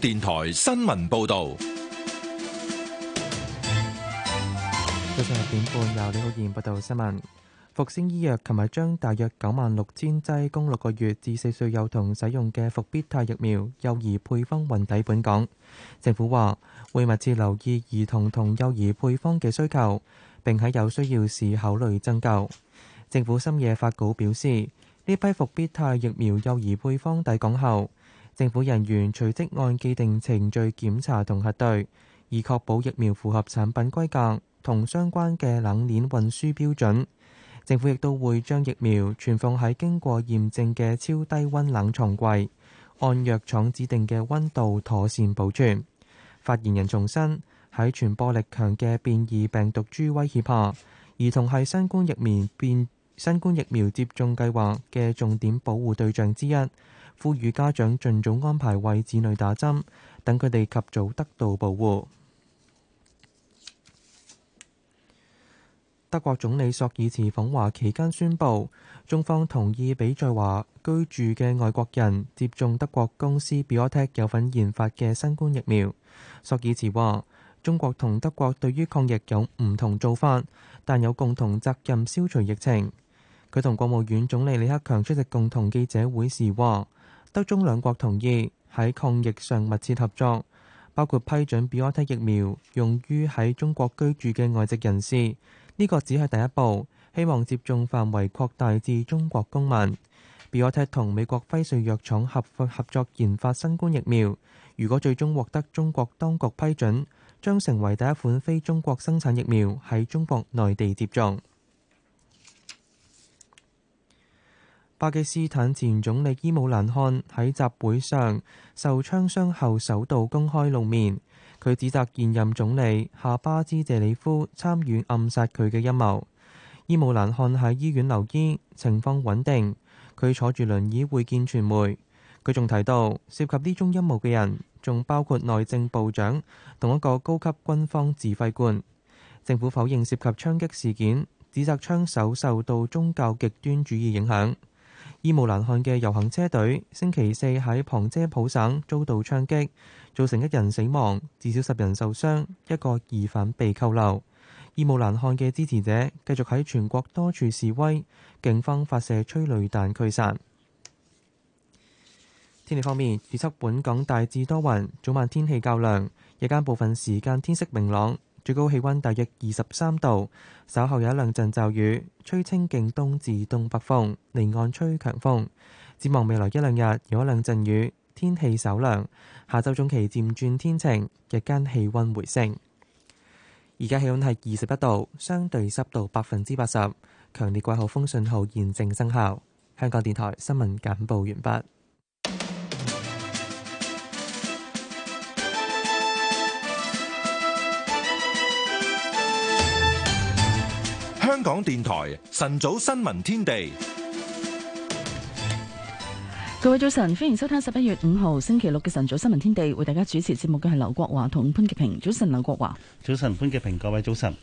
電台新聞報道，早上八點半由李浩賢報道新聞。復星醫藥琴日將大約九萬六千劑供六個月至四歲幼童使用嘅復必泰疫苗幼兒配方運抵本港。政府話會密切留意兒童同幼兒配方嘅需求，並喺有需要時考慮增購。政府深夜發稿表示，呢批復必泰疫苗幼兒配方抵港後，政府人員隨即按既定程序檢查同核對，以確保疫苗符合產品規格同相關嘅冷鏈運輸標準。政府亦都會將疫苗存放喺經過驗證嘅超低温冷藏櫃，按藥廠指定嘅温度妥善保存。發言人重申，喺傳播力強嘅變異病毒株威脅下，兒童係新冠疫苗變新冠疫苗接種計劃嘅重點保護對象之一。呼籲家長盡早安排為子女打針，等佢哋及早得到保護。德國總理索爾茨訪華期間宣布，中方同意俾在華居住嘅外國人接種德國公司 BioNTech 有份研發嘅新冠疫苗。索爾茨話：中國同德國對於抗疫有唔同做法，但有共同責任消除疫情。佢同國務院總理李克強出席共同記者會時話。德中兩國同意喺抗疫上密切合作，包括批准比 i o 疫苗用於喺中國居住嘅外籍人士。呢、這個只係第一步，希望接種範圍擴大至中國公民。比 i o 同美國輝瑞藥廠合合作研發新冠疫苗，如果最終獲得中國當局批准，將成為第一款非中國生產疫苗喺中國內地接種。巴基斯坦前總理伊姆蘭汗喺集會上受槍傷後首度公開露面。佢指責現任總理夏巴茲謝里夫參與暗殺佢嘅陰謀，伊姆蘭汗喺醫院留醫情況穩定。佢坐住輪椅會見傳媒。佢仲提到，涉及呢宗陰謀嘅人仲包括內政部長同一個高級軍方指揮官。政府否認涉及槍擊事件，指責槍手受到宗教極端主義影響。伊姆蘭汗嘅遊行車隊星期四喺旁遮普省遭到槍擊，造成一人死亡，至少十人受傷，一個疑犯被扣留。伊姆蘭汗嘅支持者繼續喺全國多處示威，警方發射催淚彈驅散。天氣方面，預測本港大致多雲，早晚天氣較涼，日間部分時間天色明朗。最高氣溫大約二十三度，稍後有一兩陣驟雨，吹清勁東至東北風，離岸吹強風。展望未來一兩日有一兩陣雨，天氣稍涼。下周中期漸轉天晴，日間氣溫回升。而家氣溫係二十一度，相對濕度百分之八十，強烈季候風信號現正生效。香港電台新聞簡報完畢。香港電台晨早新聞天地，各位早晨，歡迎收聽十一月五號星期六嘅晨早新聞天地，為大家主持節目嘅係劉國華同潘潔平。早晨，劉國華。早晨，潘潔平。各位早晨。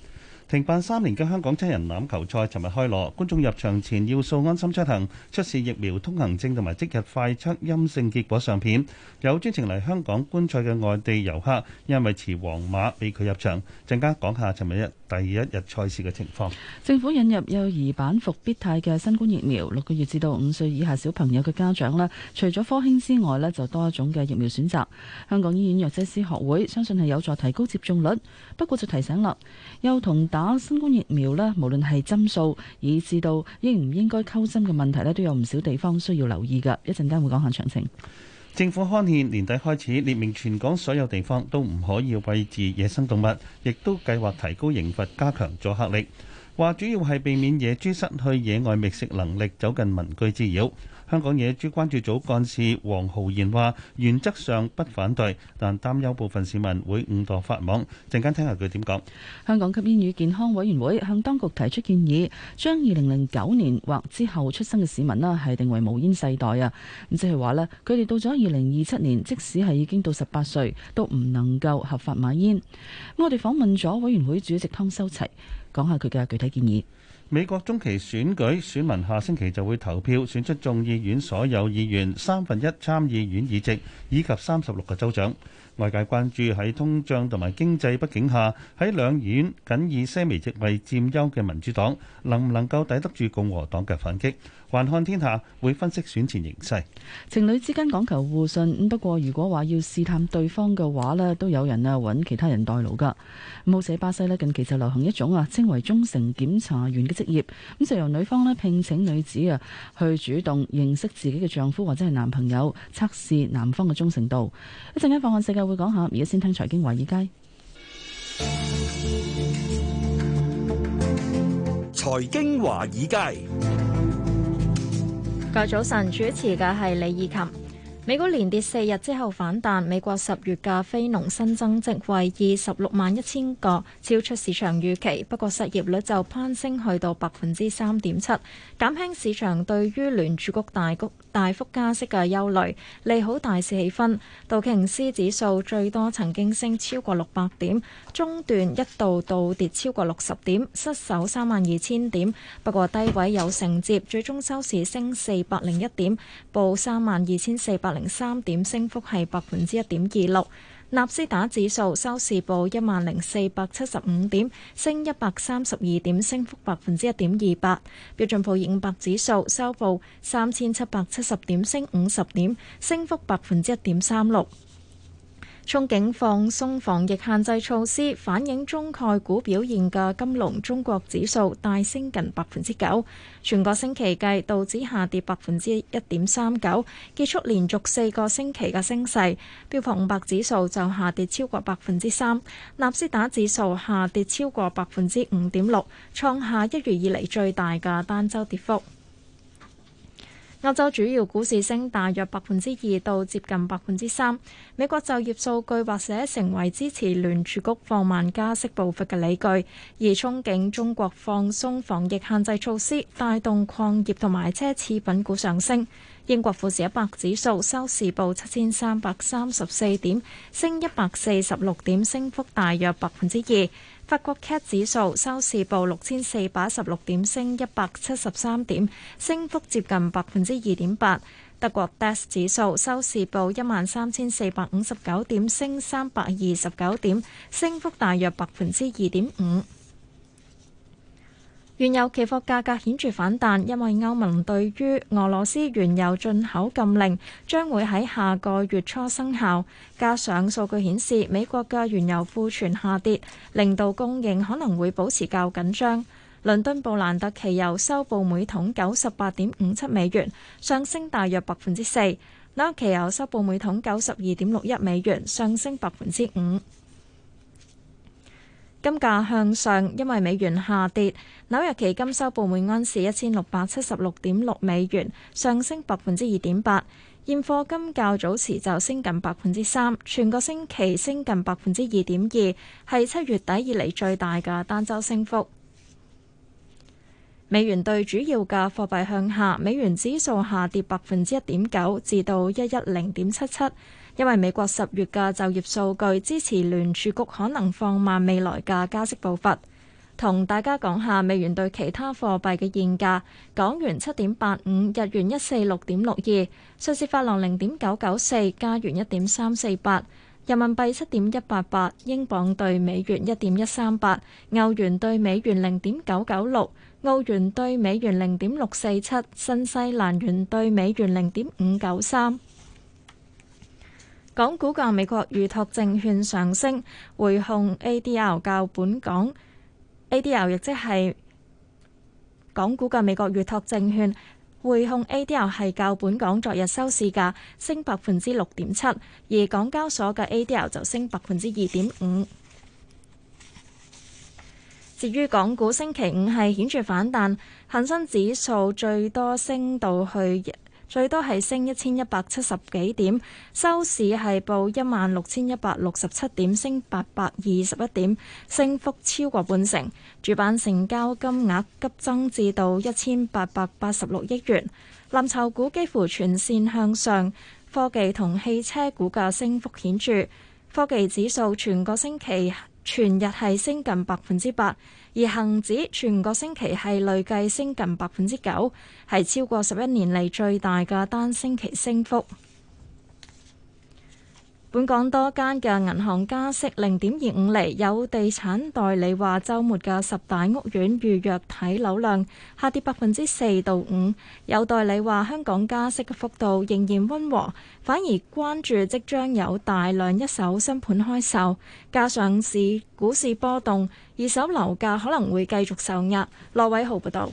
停辦三年嘅香港七人欖球賽，尋日開鑼，觀眾入場前要掃安心出行，出示疫苗通行證同埋即日快測陰性結果相片。有專程嚟香港觀賽嘅外地遊客，因為持黃碼被拒入場。陣間講下尋日一第一日賽事嘅情況。政府引入幼兒版復必泰嘅新冠疫苗，六個月至到五歲以下小朋友嘅家長咧，除咗科興之外咧，就多一種嘅疫苗選擇。香港醫院藥劑師學會相信係有助提高接種率。不過就提醒啦，幼童打新冠疫苗咧，無論係針數，以至到應唔應該溝針嘅問題咧，都有唔少地方需要留意噶。一陣間會講下詳情。政府刊憲，年底開始，列明全港所有地方都唔可以餵飼野生動物，亦都計劃提高刑罰，加強阻嚇力。話主要係避免野豬失去野外覓食能力，走近民居滋擾。香港野豬關注組幹事黃浩然話：原則上不反對，但擔憂部分市民會誤墮法網。陣間聽下佢點講。香港吸煙與健康委員會向當局提出建議，將二零零九年或之後出生嘅市民呢，係定為無煙世代啊。咁即係話呢，佢哋到咗二零二七年，即使係已經到十八歲，都唔能夠合法買煙。我哋訪問咗委員會主席湯修齊，講下佢嘅具體建議。美國中期選舉，選民下星期就會投票，選出眾議院所有議員、三分一參議院議席，以及三十六個州長。外界關注喺通脹同埋經濟不景下，喺兩院僅以些微席位佔優嘅民主黨，能唔能夠抵得住共和黨嘅反擊？環看天下會分析選前形勢。情侶之間講求互信，不過如果話要試探對方嘅話咧，都有人啊揾其他人代勞噶。好似喺巴西咧，近期就流行一種啊，稱為忠誠檢查員嘅職業，咁就由女方咧聘請女子啊去主動認識自己嘅丈夫或者係男朋友，測試男方嘅忠誠度。一陣間放眼世界會講下，而家先聽財經華爾街。財經華爾街。各位早晨，主持嘅係李以琴。美股連跌四日之後反彈，美國十月嘅非農新增職位二十六萬一千個，超出市場預期，不過失業率就攀升去到百分之三點七，減輕市場對於聯儲局大谷大幅加息嘅憂慮，利好大市氣氛。道瓊斯指數最多曾經升超過六百點。中段一度倒跌超過六十點，失守三萬二千點。不過低位有承接，最終收市升四百零一點，報三萬二千四百零三點，升幅係百分之一點二六。納斯達克指數收市報一萬零四百七十五點，升一百三十二點，升幅百分之一點二八。標準普爾五百指數收報三千七百七十點，升五十點，升幅百分之一點三六。憧憬放鬆防疫限制措施，反映中概股表現嘅金龍中國指數大升近百分之九，全個星期計，道指下跌百分之一點三九，結束連續四個星期嘅升勢。標普五百指數就下跌超過百分之三，納斯達指數下跌超過百分之五點六，創下一月以嚟最大嘅單周跌幅。歐洲主要股市升大約百分之二到接近百分之三。美國就業數據或者成為支持聯儲局放慢加息步伐嘅理據，而憧憬中國放鬆防疫限制措施，帶動礦業同埋奢侈品股上升。英國富士一百指數收市報七千三百三十四點，升一百四十六點，升幅大約百分之二。法國 CAC 指數收市報六千四百十六點，升一百七十三點，升幅接近百分之二點八。德國 DAX 指數收市報一萬三千四百五十九點，升三百二十九點，升幅大約百分之二點五。原油期貨價格顯著反彈，因為歐盟對於俄羅斯原油進口禁令將會喺下個月初生效，加上數據顯示美國嘅原油庫存下跌，令到供應可能會保持較緊張，倫敦布蘭特期油收報每桶九十八點五七美元，上升大約百分之四；紐約期油收報每桶九十二點六一美元，上升百分之五。金價向上，因為美元下跌。紐約期金收報每安士一千六百七十六點六美元，上升百分之二點八。現貨金較早時就升近百分之三，全個星期升近百分之二點二，係七月底以嚟最大嘅單週升幅。美元對主要嘅貨幣向下，美元指數下跌百分之一點九，至到一一零點七七。因為美國十月嘅就業數據支持聯儲局可能放慢未來嘅加息步伐，同大家講下美元對其他貨幣嘅現價：港元七點八五，日元一四六點六二，瑞士法郎零點九九四，加元一點三四八，人民幣七點一八八，英鎊對美元一點一三八，歐元對美元零點九九六，澳元對美元零點六四七，新西蘭元對美元零點五九三。港股嘅美國預託證券上升，匯控 A D L 較本港 A D L，亦即係港股嘅美國預託證券匯控 A D L 係較本港昨日收市價升百分之六點七，而港交所嘅 A D L 就升百分之二點五。至於港股星期五係顯著反彈，恒生指數最多升到去。最多係升一千一百七十幾點，收市係報一萬六千一百六十七點，升八百二十一點，升幅超過半成。主板成交金額急增至到一千八百八十六億元，藍籌股幾乎全線向上，科技同汽車股價升幅顯著，科技指數全個星期全日係升近百分之八。而恒指全個星期係累計升近百分之九，係超過十一年嚟最大嘅單星期升幅。本港多間嘅銀行加息零點二五厘。有地產代理話週末嘅十大屋苑預約睇樓量下跌百分之四到五。有代理話香港加息嘅幅度仍然溫和，反而關注即將有大量一手新盤開售，加上市股市波動，二手樓價可能會繼續受壓。羅偉豪報道。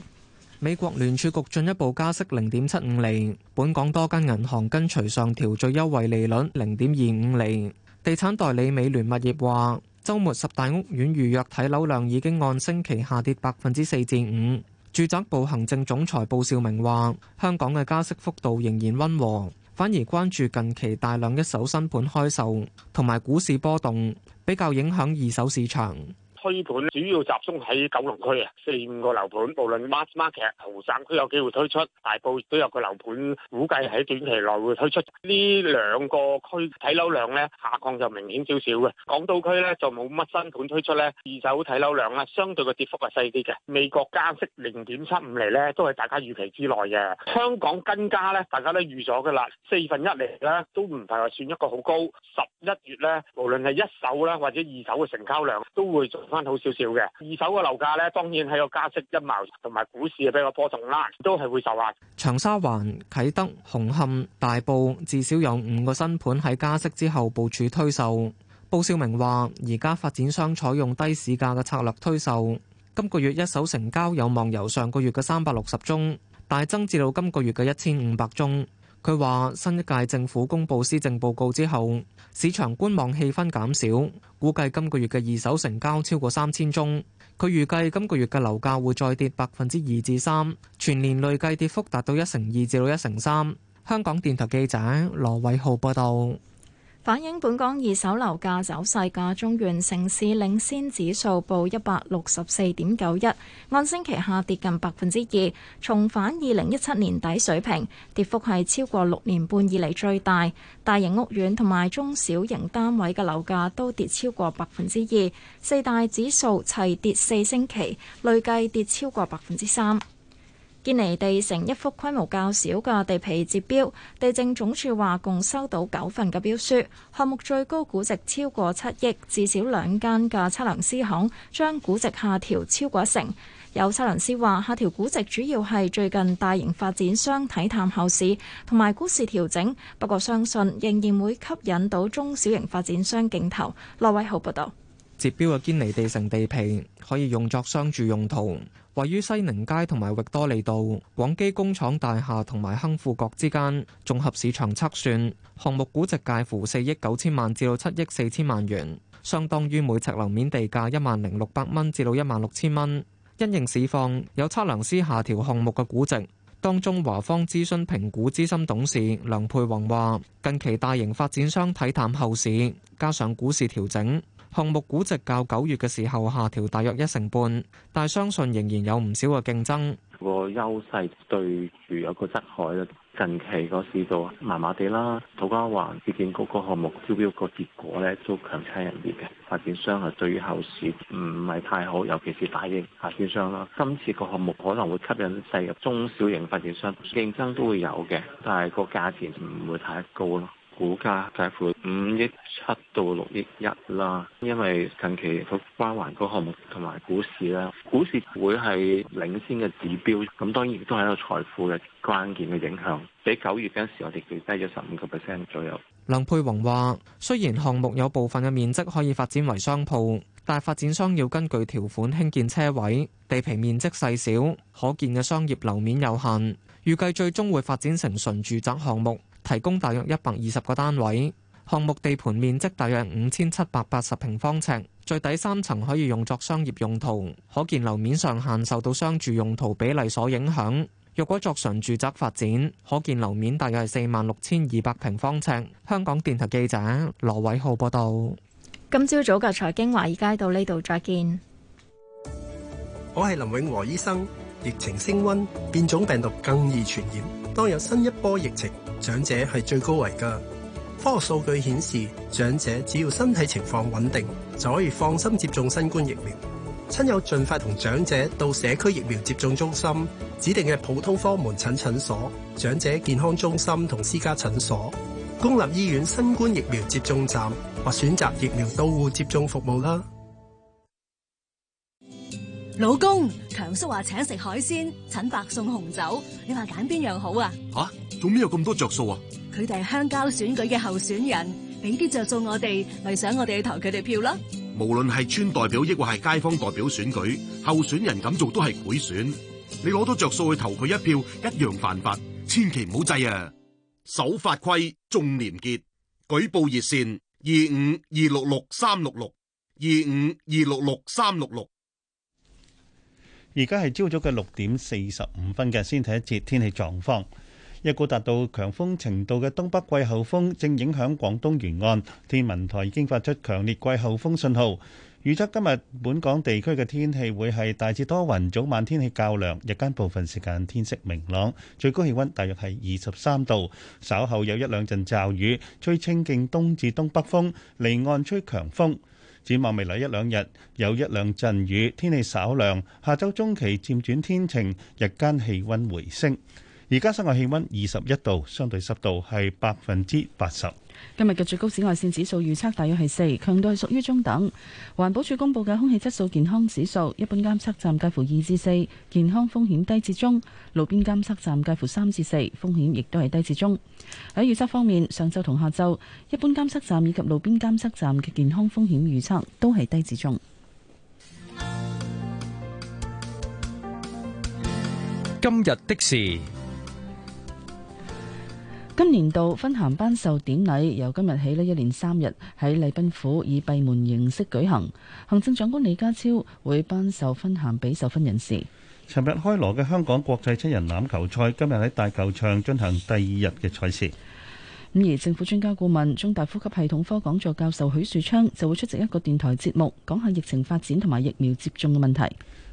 美國聯儲局進一步加息零點七五厘，本港多間銀行跟隨上調最優惠利率零點二五厘。地產代理美聯物業話，周末十大屋苑預約睇樓量已經按星期下跌百分之四至五。住宅部行政總裁布少明話，香港嘅加息幅度仍然溫和，反而關注近期大量一手新盤開售同埋股市波動，比較影響二手市場。推盤主要集中喺九龍區啊，四五個樓盤，無論 market 豪省都有機會推出，大埔都有個樓盤，估計喺短期內會推出。兩區呢兩個區睇樓量咧下降就明顯少少嘅，港島區咧就冇乜新盤推出咧，二手睇樓量咧相對嘅跌幅係細啲嘅。美國加息零點七五厘咧都係大家預期之內嘅，香港跟加咧大家都預咗㗎啦，四分一厘咧都唔係話算一個好高。十一月咧，無論係一手啦，或者二手嘅成交量都會。翻好少少嘅二手嘅樓價呢，當然喺個加息陰霾，同埋股市嘅比較波動啦，都係會受壓。長沙灣、啟德、紅磡、大埔至少有五個新盤喺加息之後部署推售。鮑少明話，而家發展商採用低市價嘅策略推售，今個月一手成交有望由上個月嘅三百六十宗大增至到今個月嘅一千五百宗。佢話：新一屆政府公布施政報告之後，市場觀望氣氛減少，估計今個月嘅二手成交超過三千宗。佢預計今個月嘅樓價會再跌百分之二至三，3，全年累計跌幅達到一成二至到一成三。香港電台記者羅偉浩報道。反映本港二手樓價走勢嘅中原城市領先指數報一百六十四點九一，按星期下跌近百分之二，重返二零一七年底水平，跌幅係超過六年半以嚟最大。大型屋苑同埋中小型單位嘅樓價都跌超過百分之二，四大指數齊跌四星期，累計跌超過百分之三。堅尼地城一幅規模較小嘅地皮截標，地政總署話共收到九份嘅標書，項目最高估值超過七億，至少兩間嘅測量師行將估值下調超過一成。有測量師話，下調估值主要係最近大型發展商睇淡後市同埋股市調整，不過相信仍然會吸引到中小型發展商競投。羅偉豪報導。截標嘅堅尼地城地皮可以用作商住用途。位於西寧街同埋域多利道、廣基工廠大廈同埋亨富閣之間，綜合市場測算，項目估值介乎四億九千萬至到七億四千萬元，相當於每呎樓面地價一萬零六百蚊至到一萬六千蚊。因應市況，有測量師下調項目嘅估值。當中華方諮詢評估資深董事梁佩宏話：近期大型發展商睇淡後市，加上股市調整。項目估值較九月嘅時候下調大約一成半，但係相信仍然有唔少嘅競爭。個優勢對住有個側海啦，近期個市道麻麻地啦，土瓜灣市建局個項目招標個結果咧都強差人意嘅，發展商係對於後市唔係太好，尤其是大型發展商啦。今次個項目可能會吸引細入中小型發展商，競爭都會有嘅，但係個價錢唔會太高咯。股價介乎五億七到六億一啦，因為近期佢關環個項目同埋股市啦，股市會係領先嘅指標，咁當然亦都係一個財富嘅關鍵嘅影響。比九月嗰陣時，我哋跌低咗十五個 percent 左右。梁佩宏話：雖然項目有部分嘅面積可以發展為商鋪，但係發展商要根據條款興建車位，地皮面積細小，可見嘅商業樓面有限，預計最終會發展成純住宅項目。提供大約一百二十個單位，項目地盤面積大約五千七百八十平方尺，最底三層可以用作商業用途，可見樓面上限受到商住用途比例所影響。若果作純住宅發展，可見樓面大約係四萬六千二百平方尺。香港電台記者羅偉浩報道。今朝早嘅財經華爾街到呢度再見。我係林永和醫生，疫情升溫，變種病毒更易傳染，當有新一波疫情。長者係最高危噶科學數據顯示，長者只要身體情況穩定，就可以放心接種新冠疫苗。親友盡快同長者到社區疫苗接種中心、指定嘅普通科門診診所、長者健康中心同私家診所、公立醫院新冠疫苗接種站或選擇疫苗到戶接種服務啦。老公，強叔話請食海鮮，陳伯送紅酒，你話揀邊樣好啊？吓，做咩有咁多着數啊？佢哋係鄉郊選舉嘅候選人，俾啲着數我哋咪想我哋去投佢哋票囉。無論係村代表，抑或係街坊代表選舉，候選人咁做都係賄選。你攞多着數去投佢一票，一樣犯法。千祈唔好制啊！守法規，重廉潔，舉報熱線二五二六六三六六二五二六六三六六。而家係朝早嘅六點四十五分嘅，先睇一節天氣狀況。一股達到強風程度嘅東北季候風正影響廣東沿岸，天文台已經發出強烈季候風信號。預測今日本港地區嘅天氣會係大致多雲，早晚天氣較涼，日間部分時間天色明朗，最高氣温大約係二十三度。稍後有一兩陣驟雨，吹清勁東至東北風，離岸吹強風。展望未來一兩日有一兩陣雨，天氣稍涼。下周中期漸轉天晴，日間氣温回升。而家室外氣温二十一度，相對濕度係百分之八十。今日嘅最高紫外線指數預測大約係四，強度係屬於中等。環保署公布嘅空氣質素健康指數，一般監測站介乎二至四，健康風險低至中；路邊監測站介乎三至四，風險亦都係低至中。喺預測方面，上晝同下晝，一般監測站以及路邊監測站嘅健康風險預測都係低至中。今日的事。今年度勳銜頒授典禮由今日起呢，一連三日喺禮賓府以閉門形式舉行，行政長官李家超會頒授勳銜俾受勳人士。尋日開鑼嘅香港國際七人欖球賽今日喺大球場進行第二日嘅賽事。咁而政府專家顧問、中大呼吸系統科講座教授許樹昌就會出席一個電台節目，講下疫情發展同埋疫苗接種嘅問題。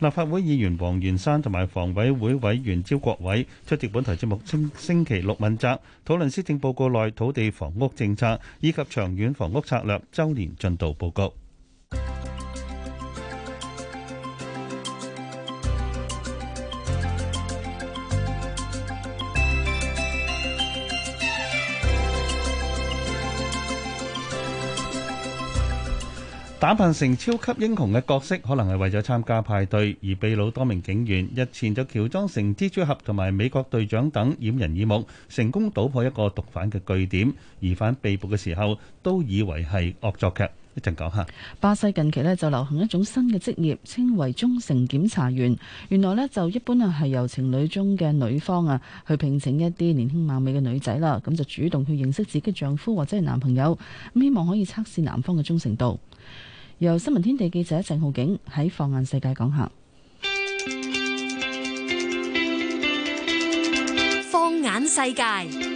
立法會議員黃元山同埋房委會委員焦國偉出席本台節目星星期六問責，討論施政報告內土地房屋政策以及長遠房屋策略週年進度報告。打扮成超級英雄嘅角色，可能係為咗參加派對而被捕。多名警員日前就喬裝成蜘蛛俠同埋美國隊長等掩人耳目，成功搗破一個毒販嘅據點。疑犯被捕嘅時候都以為係惡作劇。一陣講下巴西近期呢就流行一種新嘅職業，稱為忠誠檢查員。原來呢就一般啊係由情侶中嘅女方啊去聘請一啲年輕貌美嘅女仔啦，咁就主動去認識自己丈夫或者係男朋友，希望可以測試男方嘅忠誠度。由新聞天地記者鄭浩景喺放眼世界講下，放眼世界。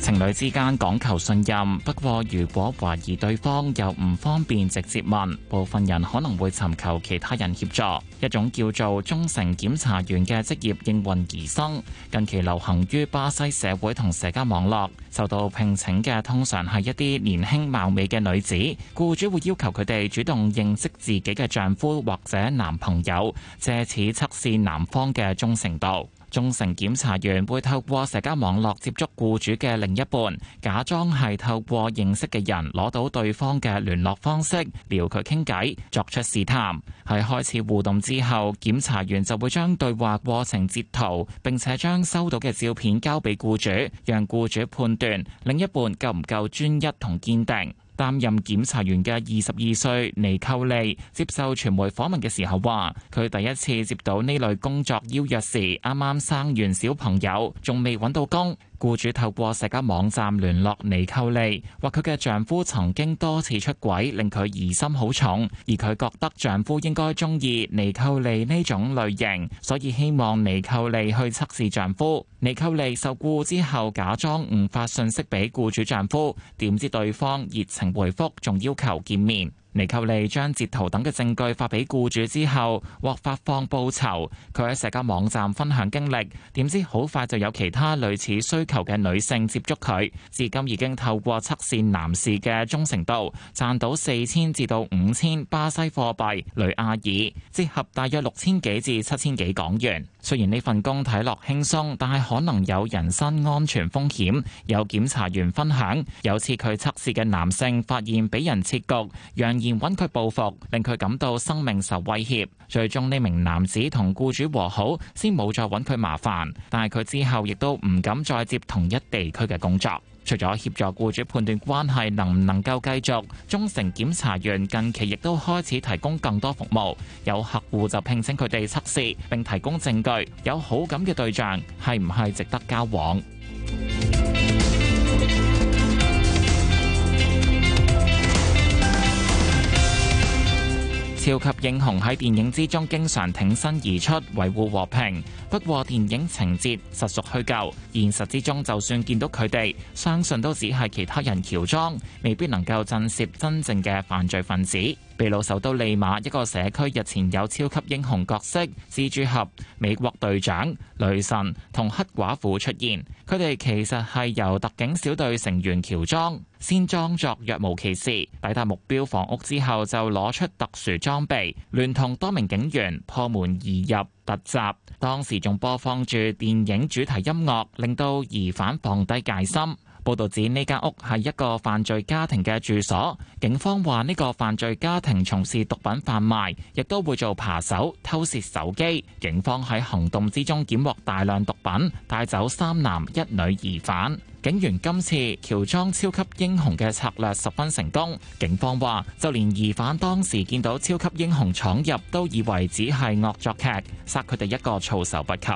情侶之間講求信任，不過如果懷疑對方又唔方便直接問，部分人可能會尋求其他人協助。一種叫做忠誠檢查員嘅職業應運而生，近期流行於巴西社會同社交網絡。受到聘請嘅通常係一啲年輕貌美嘅女子，雇主會要求佢哋主動認識自己嘅丈夫或者男朋友，借此測試男方嘅忠誠度。忠誠檢察員會透過社交網絡接觸雇主嘅另一半，假裝係透過認識嘅人攞到對方嘅聯絡方式，撩佢傾偈，作出試探，喺開始互動之後，檢察員就會將對話過程截圖，並且將收到嘅照片交俾雇主，讓雇主判斷另一半夠唔夠專一同堅定。擔任檢察員嘅二十二歲尼寇利接受傳媒訪問嘅時候話，佢第一次接到呢類工作邀約時，啱啱生完小朋友，仲未揾到工。僱主透過社交網站聯絡尼寇利，話佢嘅丈夫曾經多次出軌，令佢疑心好重。而佢覺得丈夫應該中意尼寇利呢種類型，所以希望尼寇利去測試丈夫。尼寇利受僱之後假裝唔發信息俾僱主丈夫，點知對方熱情回覆，仲要求見面。尼寇利將截圖等嘅證據發俾雇主之後，獲發放報酬。佢喺社交網站分享經歷，點知好快就有其他類似需求嘅女性接觸佢。至今已經透過測試男士嘅忠誠度，賺到四千至到五千巴西貨幣雷亞爾，折合大約六千幾至七千幾港元。雖然呢份工睇落輕鬆，但係可能有人身安全風險。有檢查員分享，有次佢測試嘅男性發現俾人設局，揚言揾佢報復，令佢感到生命受威脅。最終呢名男子同僱主和好，先冇再揾佢麻煩。但係佢之後亦都唔敢再接同一地區嘅工作。除咗協助僱主判斷關係能唔能夠繼續，忠誠檢查院近期亦都開始提供更多服務。有客戶就聘請佢哋測試並提供證據，有好感嘅對象係唔係值得交往？要及英雄喺電影之中經常挺身而出，維護和平，不過電影情節實屬虛構，現實之中就算見到佢哋，相信都只係其他人喬裝，未必能夠震懾真正嘅犯罪分子。秘魯首都利馬一個社區日前有超級英雄角色蜘蛛俠、美國隊長、雷神同黑寡婦出現，佢哋其實，係由特警小隊成員喬裝先，裝作若無其事，抵達目標房屋之後就攞出特殊裝備，聯同多名警員破門而入突襲，當時仲播放住電影主題音樂，令到疑犯放低戒心。報道指呢間屋係一個犯罪家庭嘅住所，警方話呢個犯罪家庭從事毒品販賣，亦都會做扒手偷竊手機。警方喺行動之中檢獲大量毒品，帶走三男一女疑犯。警員今次喬裝超級英雄嘅策略十分成功，警方話，就連疑犯當時見到超級英雄闖入都以為只係惡作劇，殺佢哋一個措手不及。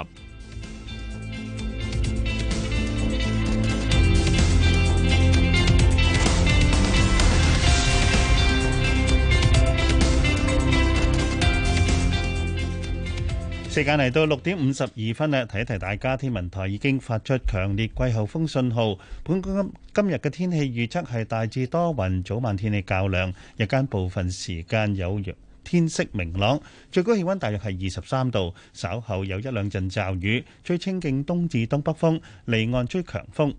時間嚟到六點五十二分咧，提一提大家，天文台已經發出強烈季候風信號。本港今日嘅天氣預測係大致多雲，早晚天氣較涼，日間部分時間有陽光，天色明朗，最高氣温大約係二十三度。稍後有一兩陣驟雨，吹清勁東至東北風，離岸吹強風。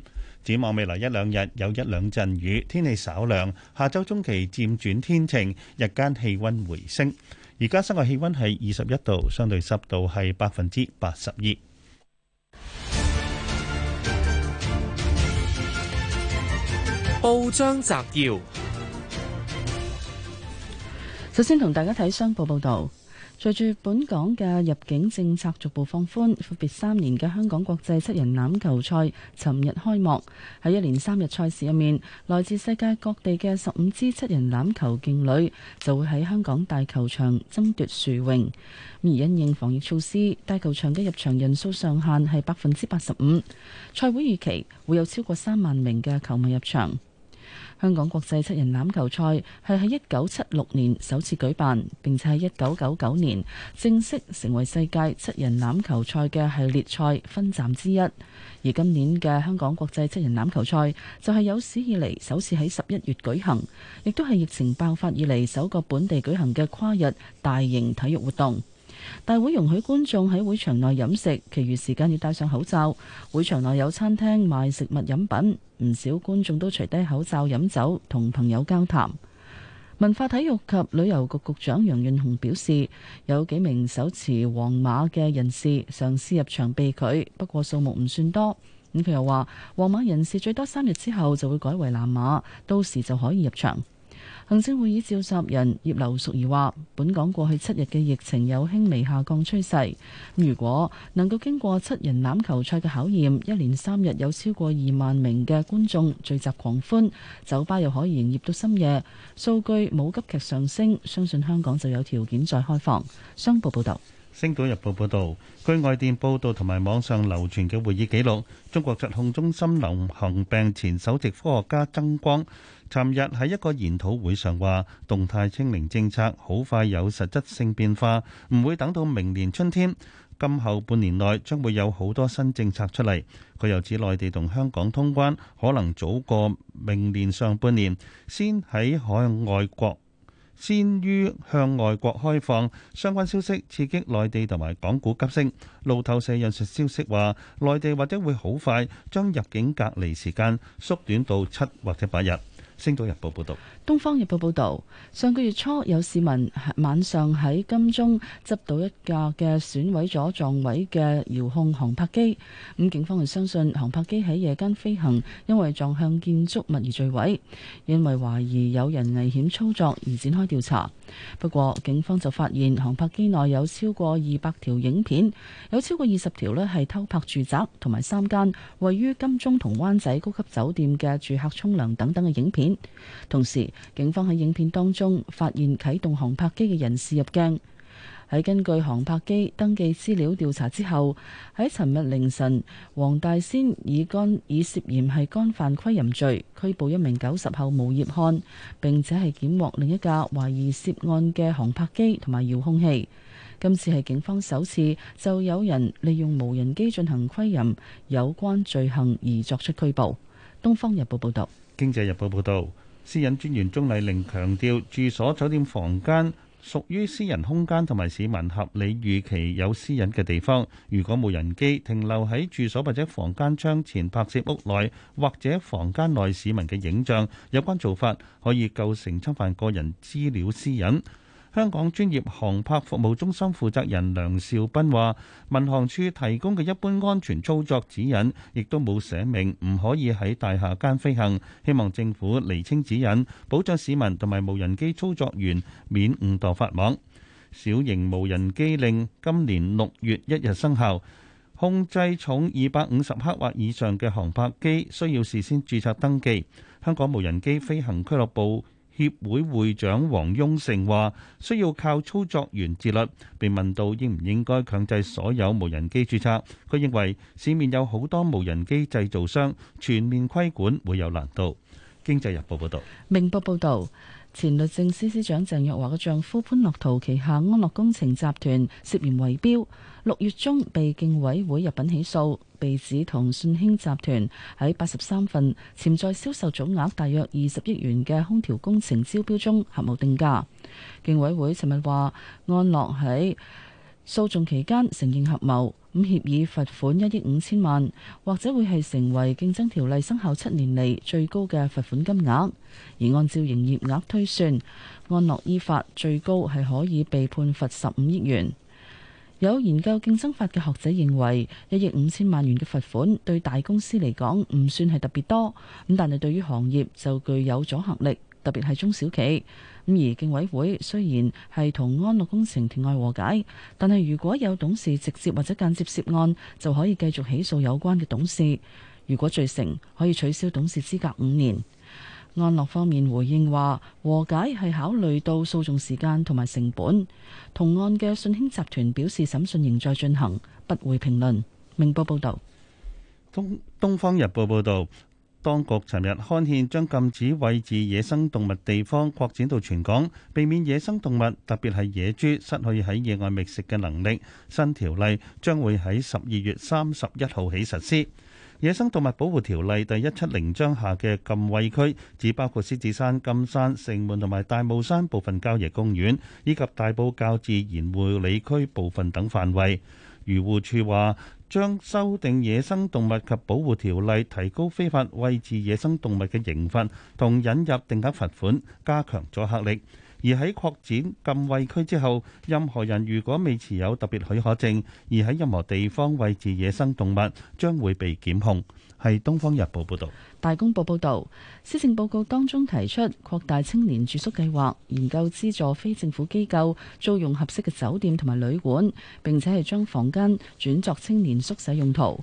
展望未來一兩日有一兩陣雨，天氣稍涼。下周中期漸轉天晴，日間氣温回升。而家室外氣温係二十一度，相對濕度係百分之八十二。報章摘要，首先同大家睇商報報道。隨住本港嘅入境政策逐步放寬，闊別三年嘅香港國際七人欖球賽尋日開幕。喺一連三日賽事入面，來自世界各地嘅十五支七人欖球勁旅就會喺香港大球場爭奪殊榮。而因應防疫措施，大球場嘅入場人數上限係百分之八十五。賽會預期會有超過三萬名嘅球迷入場。香港國際七人欖球賽係喺一九七六年首次舉辦，並且喺一九九九年正式成為世界七人欖球賽嘅系列賽分站之一。而今年嘅香港國際七人欖球賽就係有史以嚟首次喺十一月舉行，亦都係疫情爆發以嚟首個本地舉行嘅跨日大型體育活動。大會容許觀眾喺會場內飲食，其餘時間要戴上口罩。會場內有餐廳賣食物飲品，唔少觀眾都除低口罩飲酒同朋友交談。文化體育及旅遊局局,局長楊潤雄表示，有幾名手持黃馬嘅人士嘗試入場被拒，不過數目唔算多。咁佢又話，黃馬人士最多三日之後就會改為藍馬，到時就可以入場。行政會議召集人葉劉淑儀話：本港過去七日嘅疫情有輕微下降趨勢。如果能夠經過七人欖球賽嘅考驗，一連三日有超過二萬名嘅觀眾聚集狂歡，酒吧又可以營業到深夜，數據冇急劇上升，相信香港就有條件再開放。商報報道。《星島日報》報道，據外電報道同埋網上流傳嘅會議記錄，中國疾控中心流行病前首席科學家曾光。昨日喺一個研討會上話，動態清零政策好快有實質性變化，唔會等到明年春天。今後半年內將會有好多新政策出嚟。佢又指內地同香港通關可能早過明年上半年，先喺海外國先於向外國開放相關消息，刺激內地同埋港股急升。路透社引述消息話，內地或者會好快將入境隔離時間縮短到七或者八日。星島日報報道，東方日報報道，上個月初有市民晚上喺金鐘執到一架嘅損毀咗撞毀嘅遙控航拍機，咁警方係相信航拍機喺夜間飛行，因為撞向建築物而墜毀，因為懷疑有人危險操作而展開調查。不過警方就發現航拍機內有超過二百條影片，有超過二十條咧係偷拍住宅同埋三間位於金鐘同灣仔高級酒店嘅住客沖涼等等嘅影片。同時，警方喺影片當中發現啟動航拍機嘅人士入鏡。喺根據航拍機登記資料調查之後，喺尋日凌晨，黃大仙以干以涉嫌係干犯窺淫罪拘捕一名九十後無業漢，並且係檢獲另一架懷疑涉案嘅航拍機同埋遙控器。今次係警方首次就有人利用無人機進行窺淫有關罪行而作出拘捕。東方日報報道。經濟日報報導，私隱專員鍾麗玲強調，住所酒店房間屬於私人空間，同埋市民合理預期有私隱嘅地方。如果無人機停留喺住所或者房間窗前拍攝屋內或者房間內市民嘅影像，有關做法可以構成侵犯個人資料私隱。香港專業航拍服務中心負責人梁兆斌話：民航處提供嘅一般安全操作指引，亦都冇寫明唔可以喺大廈間飛行。希望政府釐清指引，保障市民同埋無人機操作員免誤墮法網。小型無人機令今年六月一日生效，控制重二百五十克或以上嘅航拍機需要事先註冊登記。香港無人機飛行俱樂部協會會長黃雍成話：需要靠操作員自律。被問到應唔應該強制所有無人機註冊，佢認為市面有好多無人機製造商，全面規管會有難度。經濟日報報道：明報報道，前律政司司長鄭若驊嘅丈夫潘樂陶旗下安樂工程集團涉嫌圍標。六月中被競委會入稟起訴，被指同信興集團喺八十三份潛在銷售總額大約二十億元嘅空調工程招標中合謀定價。競委會尋日話，安樂喺訴訟期間承認合謀，唔協議罰款一億五千萬，或者會係成為競爭條例生效七年嚟最高嘅罰款金額。而按照營業額推算，安樂依法最高係可以被判罰十五億元。有研究競爭法嘅學者認為，一億五千萬元嘅罰款對大公司嚟講唔算係特別多，咁但係對於行業就具有阻嚇力，特別係中小企。咁而競委會雖然係同安樂工程庭外和解，但係如果有董事直接或者間接涉案，就可以繼續起訴有關嘅董事。如果罪成，可以取消董事資格五年。安樂方面回應話，和解係考慮到訴訟時間同埋成本。同案嘅信興集團表示，審訊仍在進行，不會評論。明報報道。東東方日報報道，當局尋日刊憲將禁止喂飼野生動物地方擴展到全港，避免野生動物，特別係野豬，失去喺野外覓食嘅能力。新條例將會喺十二月三十一號起實施。野生動物保護條例第一七零章下嘅禁獵區，只包括獅子山、金山、城門同埋大帽山部分郊野公園，以及大埔滘自然護理區部分等範圍。漁護處話將修訂野生動物及保護條例，提高非法餵飼野生動物嘅刑罰同引入定額罰款，加強阻嚇力。而喺擴展禁餵區之後，任何人如果未持有特別許可證，而喺任何地方餵飼野生動物，將會被檢控。係《東方日報》報導。《大公報》報導，施政報告當中提出擴大青年住宿計劃，研究資助非政府機構租用合適嘅酒店同埋旅館，並且係將房間轉作青年宿舍用途。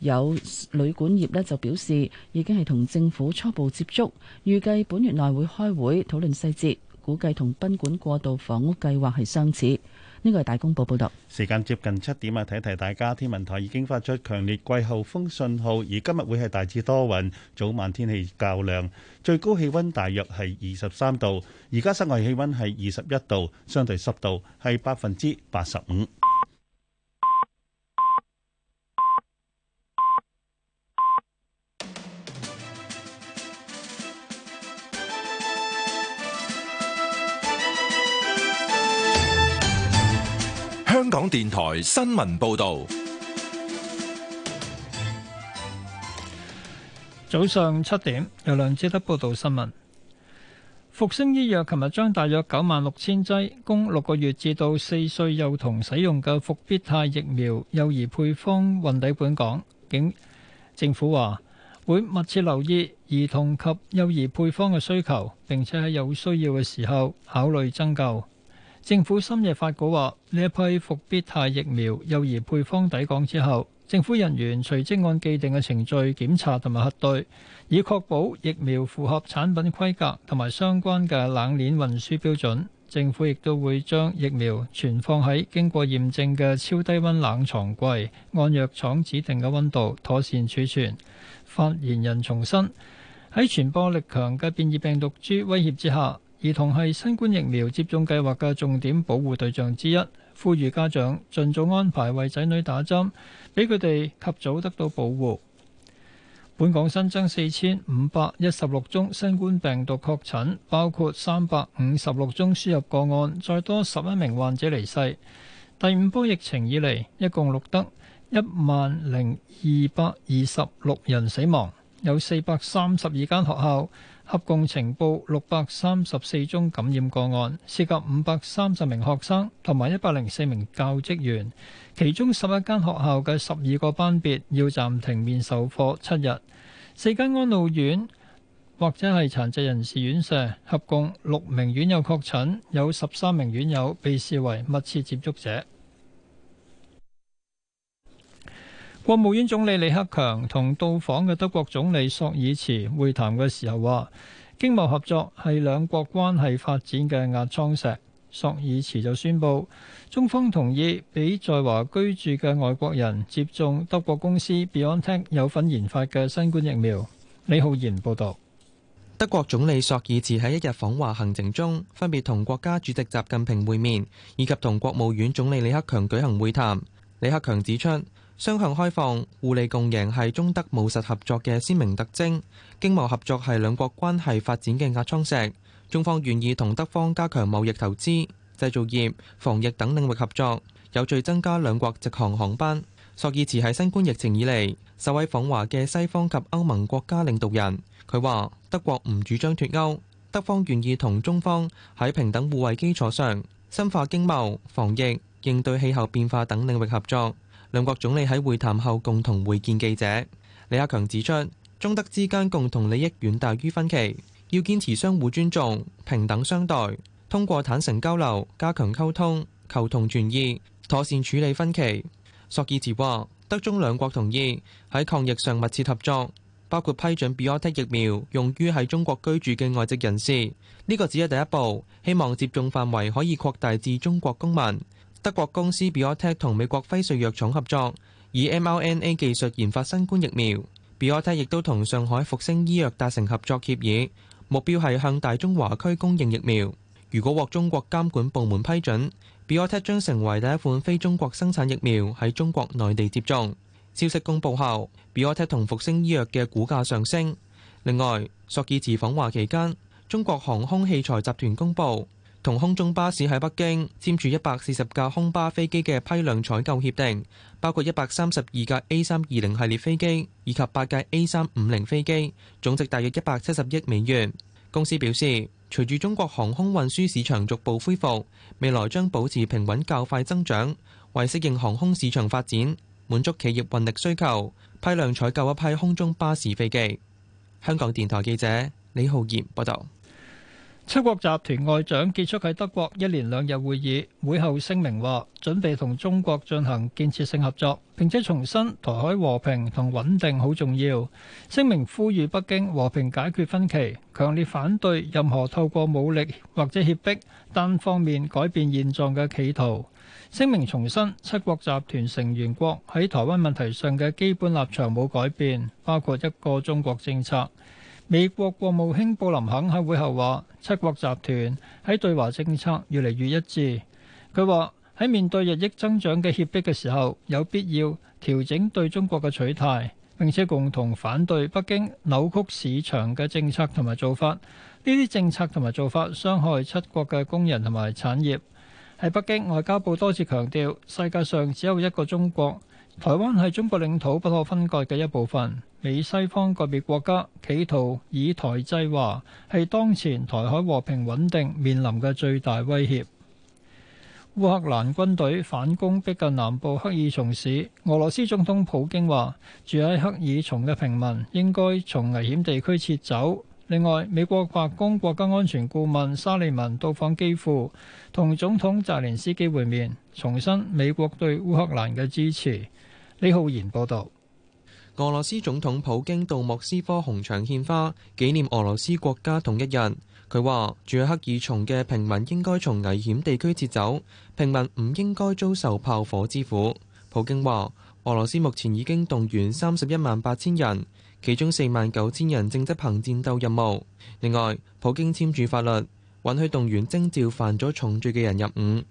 有旅館業呢就表示，已經係同政府初步接觸，預計本月內會開會討論細節。估計同賓館過渡房屋計劃係相似，呢個係大公報報道。時間接近七點啊，提一提大家，天文台已經發出強烈季候風信號，而今日會係大致多雲，早晚天氣較涼，最高氣溫大約係二十三度，而家室外氣溫係二十一度，相對濕度係百分之八十五。香港電台新聞報道，早上七點由梁志德報道新聞。復星醫藥琴日將大約九萬六千劑供六個月至到四歲幼童使用嘅復必泰疫苗幼兒配方運抵本港。政政府話會密切留意兒童及幼兒配方嘅需求，並且喺有需要嘅時候考慮增購。政府深夜發稿話：呢一批復必泰疫苗幼兒配方抵港之後，政府人員隨即按既定嘅程序檢查同埋核對，以確保疫苗符合產品規格同埋相關嘅冷鏈運輸標準。政府亦都會將疫苗存放喺經過驗證嘅超低温冷藏櫃，按藥廠指定嘅温度妥善儲存。發言人重申：喺傳播力強嘅變異病毒株威脅之下，兒童係新冠疫苗接種計劃嘅重點保護對象之一，呼籲家長盡早安排為仔女打針，俾佢哋及早得到保護。本港新增四千五百一十六宗新冠病毒確診，包括三百五十六宗輸入個案，再多十一名患者離世。第五波疫情以嚟，一共錄得一萬零二百二十六人死亡，有四百三十二間學校。合共呈報六百三十四宗感染個案，涉及五百三十名學生同埋一百零四名教職員，其中十一間學校嘅十二個班別要暫停面授課七日，四間安老院或者係殘疾人士院舍合共六名院友確診，有十三名院友被視為密切接觸者。國務院總理李克強同到訪嘅德國總理索爾茨會談嘅時候話，經貿合作係兩國關係發展嘅壓艙石。索爾茨就宣布，中方同意俾在華居住嘅外國人接種德國公司 BioNTech 有份研發嘅新冠疫苗。李浩然報道，德國總理索爾茨喺一日訪華行程中，分別同國家主席習近平會面，以及同國務院總理李克強舉行會談。李克強指出，雙向開放、互利共贏係中德務實合作嘅鮮明特徵。經貿合作係兩國關係發展嘅壓艙石。中方願意同德方加強貿易投資、製造業、防疫等領域合作，有序增加兩國直航航班。索爾茨係新冠疫情以嚟首位訪華嘅西方及歐盟國家領導人。佢話：德國唔主張脱歐，德方願意同中方喺平等互惠基礎上深化經貿、防疫、應對氣候變化等領域合作。兩國總理喺會談後共同會見記者，李克強指出，中德之間共同利益遠大於分歧，要堅持相互尊重、平等相待，通過坦誠交流加強溝通，求同存異，妥善處理分歧。朔爾茨話，德中兩國同意喺抗疫上密切合作，包括批准 BioNTech 疫苗用於喺中國居住嘅外籍人士，呢、這個只係第一步，希望接種範圍可以擴大至中國公民。德國公司 BioNTech 同美國輝瑞藥廠合作，以 mRNA 技術研發新冠疫苗。BioNTech 亦都同上海復星醫藥達成合作協議，目標係向大中華區供應疫苗。如果獲中國監管部門批准，BioNTech 將成為第一款非中國生產疫苗喺中國內地接種。消息公布後，BioNTech 同復星醫藥嘅股價上升。另外，索爾茨訪華期間，中國航空器材集團公佈，同空中巴士喺北京簽署一百四十架空巴飛機嘅批量採購協定，包括一百三十二架 A 三二零系列飛機以及八架 A 三五零飛機總值大約一百七十億美元。公司表示，隨住中國航空運輸市場逐步恢復，未來將保持平穩較快增長，為適應航空市場發展，滿足企業運力需求，批量採購一批空中巴士飛機。香港電台記者李浩然報道。七國集團外長結束喺德國一連兩日會議，會後聲明話準備同中國進行建設性合作，並且重申台海和平同穩定好重要。聲明呼籲北京和平解決分歧，強烈反對任何透過武力或者脅迫單方面改變現狀嘅企圖。聲明重申七國集團成員國喺台灣問題上嘅基本立場冇改變，包括一個中國政策。美國國務卿布林肯喺會後話：七國集團喺對華政策越嚟越一致。佢話，喺面對日益增長嘅脅迫嘅時候，有必要調整對中國嘅取態，並且共同反對北京扭曲市場嘅政策同埋做法。呢啲政策同埋做法傷害七國嘅工人同埋產業。喺北京外交部多次強調：世界上只有一個中國。台灣係中國領土不可分割嘅一部分。美西方個別國家企圖以台制華，係當前台海和平穩定面臨嘅最大威脅。烏克蘭軍隊反攻逼近南部赫爾松市，俄羅斯總統普京話：住喺赫爾松嘅平民應該從危險地區撤走。另外，美國白宮國家安全顧問沙利文到訪基輔，同總統澤連斯基會面，重申美國對烏克蘭嘅支持。李浩然報道：俄羅斯總統普京到莫斯科紅場獻花，紀念俄羅斯國家統一日。佢話住喺克爾松嘅平民應該從危險地區撤走，平民唔應該遭受炮火之苦。普京話俄羅斯目前已經動員三十一萬八千人，其中四萬九千人正執行戰鬥任務。另外，普京簽署法律，允許動員徵召犯咗重罪嘅人入伍。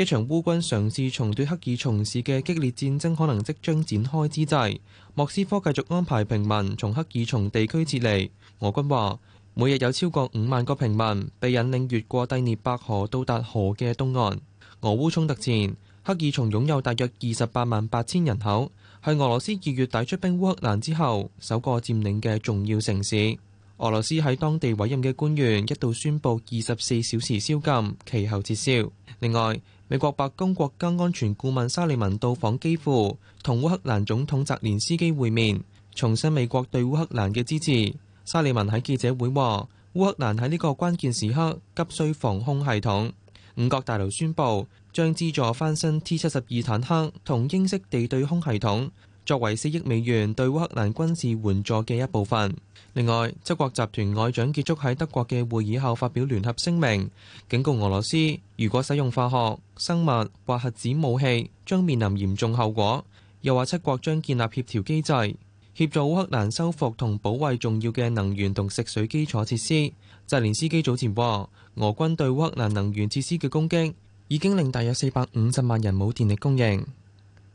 一場烏軍嘗試重奪克爾松市嘅激烈戰爭可能即將展開之際，莫斯科繼續安排平民從克爾松地區撤離，俄軍話每日有超過五萬個平民被引領越過第聶伯河，到達河嘅東岸。俄烏衝突前，克爾松擁有大約二十八萬八千人口，係俄羅斯二月底出兵烏克蘭之後首個佔領嘅重要城市。俄羅斯喺當地委任嘅官員一度宣布二十四小時宵禁，其後撤銷，另外，美國白宮國家安全顧問沙利文到訪基輔，同烏克蘭總統澤連斯基會面，重申美國對烏克蘭嘅支持。沙利文喺記者會話：烏克蘭喺呢個關鍵時刻急需防空系統，五角大樓宣布將資助翻新 T 七十二坦克同英式地對空系統。作為四億美元對烏克蘭軍事援助嘅一部分，另外七國集團外長結束喺德國嘅會議後發表聯合聲明，警告俄羅斯如果使用化學、生物或核子武器，將面臨嚴重後果。又話七國將建立協調機制，協助烏克蘭修復同保衞重要嘅能源同食水基礎設施。澤連斯基早前話，俄軍對烏克蘭能源設施嘅攻擊已經令大約四百五十萬人冇電力供應。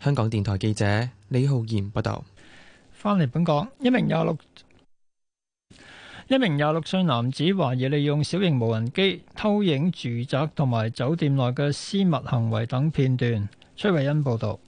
香港電台記者李浩然報道：翻嚟本港，一名廿六一名廿六歲男子懷疑利用小型無人機偷影住宅同埋酒店內嘅私密行為等片段。崔慧欣報道：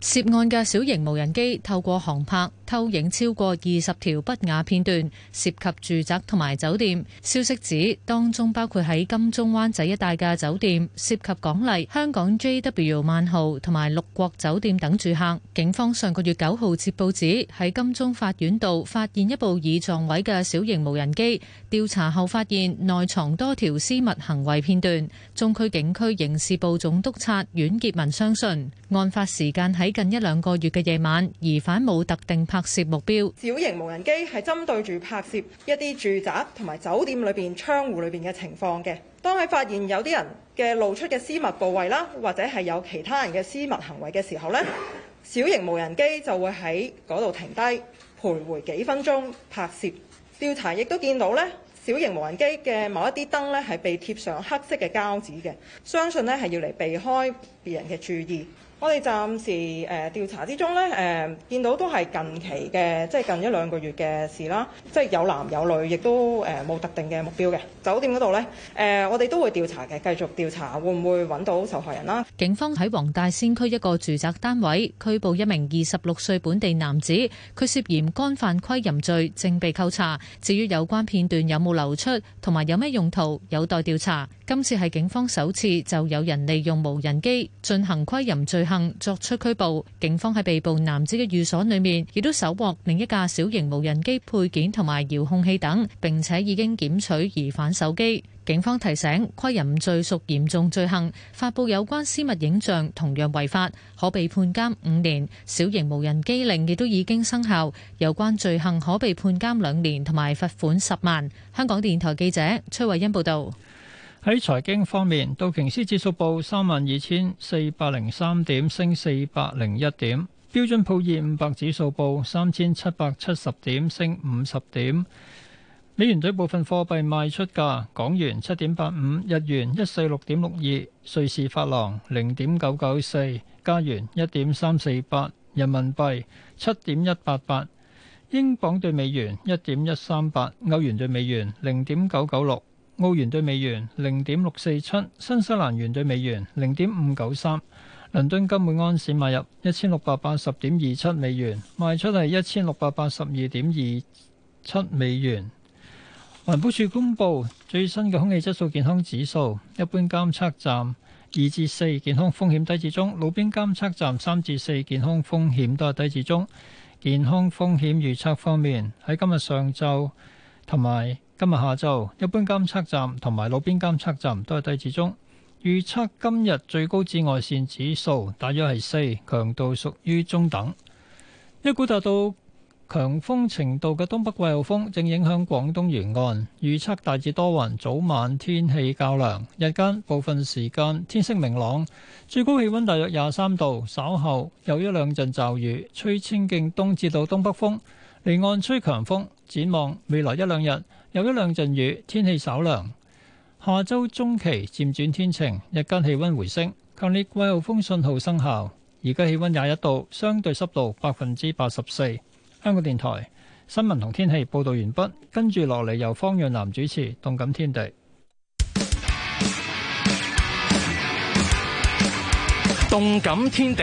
涉案嘅小型無人機透過航拍。偷影超過二十條不雅片段，涉及住宅同埋酒店。消息指當中包括喺金鐘灣仔一帶嘅酒店，涉及港麗、香港 JW 萬豪同埋六國酒店等住客。警方上個月九號接報指喺金鐘法院道發現一部已撞毀嘅小型無人機，調查後發現內藏多條私密行為片段。中區警區刑事部總督察阮傑文相信，案發時間喺近一兩個月嘅夜晚，疑犯冇特定拍攝目標，小型無人機係針對住拍攝一啲住宅同埋酒店裏邊窗戶裏邊嘅情況嘅。當係發現有啲人嘅露出嘅私密部位啦，或者係有其他人嘅私密行為嘅時候呢，小型無人機就會喺嗰度停低，徘徊幾分鐘拍攝。調查亦都見到呢，小型無人機嘅某一啲燈呢係被貼上黑色嘅膠紙嘅，相信呢係要嚟避開別人嘅注意。我哋暫時誒調、呃、查之中呢誒、呃、見到都係近期嘅，即係近一兩個月嘅事啦。即係有男有女，亦都誒冇、呃、特定嘅目標嘅酒店嗰度呢誒、呃、我哋都會調查嘅，繼續調查會唔會揾到受害人啦、啊？警方喺黃大仙區一個住宅單位拘捕一名二十六歲本地男子，佢涉嫌干犯窺淫，淫罪，正被扣查。至於有關片段有冇流出同埋有咩用途，有待調查。今次係警方首次就有人利用無人機進行窺淫罪行，作出拘捕。警方喺被捕男子嘅寓所裏面，亦都搜獲另一架小型無人機配件同埋遙控器等，並且已經檢取疑犯手機。警方提醒，窺淫罪屬嚴重罪行，發布有關私密影像同樣違法，可被判監五年。小型無人機令亦都已經生效，有關罪行可被判監兩年同埋罰款十萬。香港電台記者崔慧欣報道。喺財經方面，道瓊斯指數報三萬二千四百零三點，升四百零一點；標準普爾五百指數報三千七百七十點，升五十點。美元兌部分貨幣賣出價：港元七點八五，日元一四六點六二，瑞士法郎零點九九四，加元一點三四八，人民幣七點一八八，英鎊兌美元一點一三八，歐元兌美元零點九九六。澳元兌美元零點六四七，新西蘭元兌美元零點五九三，倫敦金每安士買入一千六百八十點二七美元，賣出係一千六百八十二點二七美元。環保署公布最新嘅空氣質素健康指數，一般監測站二至四健康風險低至中，路邊監測站三至四健康風險都係低至中。健康風險預測方面喺今日上晝同埋。今日下晝一般監測站同埋路邊監測站都係低至中，預測今日最高紫外線指數大約係四，強度屬於中等。一股達到強風程度嘅東北季候風正影響廣東沿岸，預測大致多雲，早晚天氣較涼，日間部分時間天色明朗，最高氣溫大約廿三度。稍後有一兩陣驟雨，吹清勁東至到東北風，離岸吹強風。展望未來一兩日。有一兩陣雨，天氣稍涼。下周中期漸轉天晴，日間氣溫回升。強烈季候風信號生效，而家氣溫廿一度，相對濕度百分之八十四。香港電台新聞同天氣報道完畢，跟住落嚟由方潤南主持《動感天地》。《動感天地》。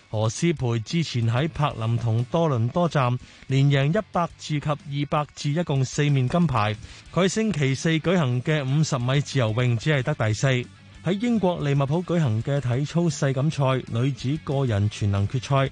何詩蓓之前喺柏林同多倫多站連贏一百次及二百次，一共四面金牌。佢星期四舉行嘅五十米自由泳只係得第四。喺英國利物浦舉行嘅體操世錦賽女子個人全能決賽。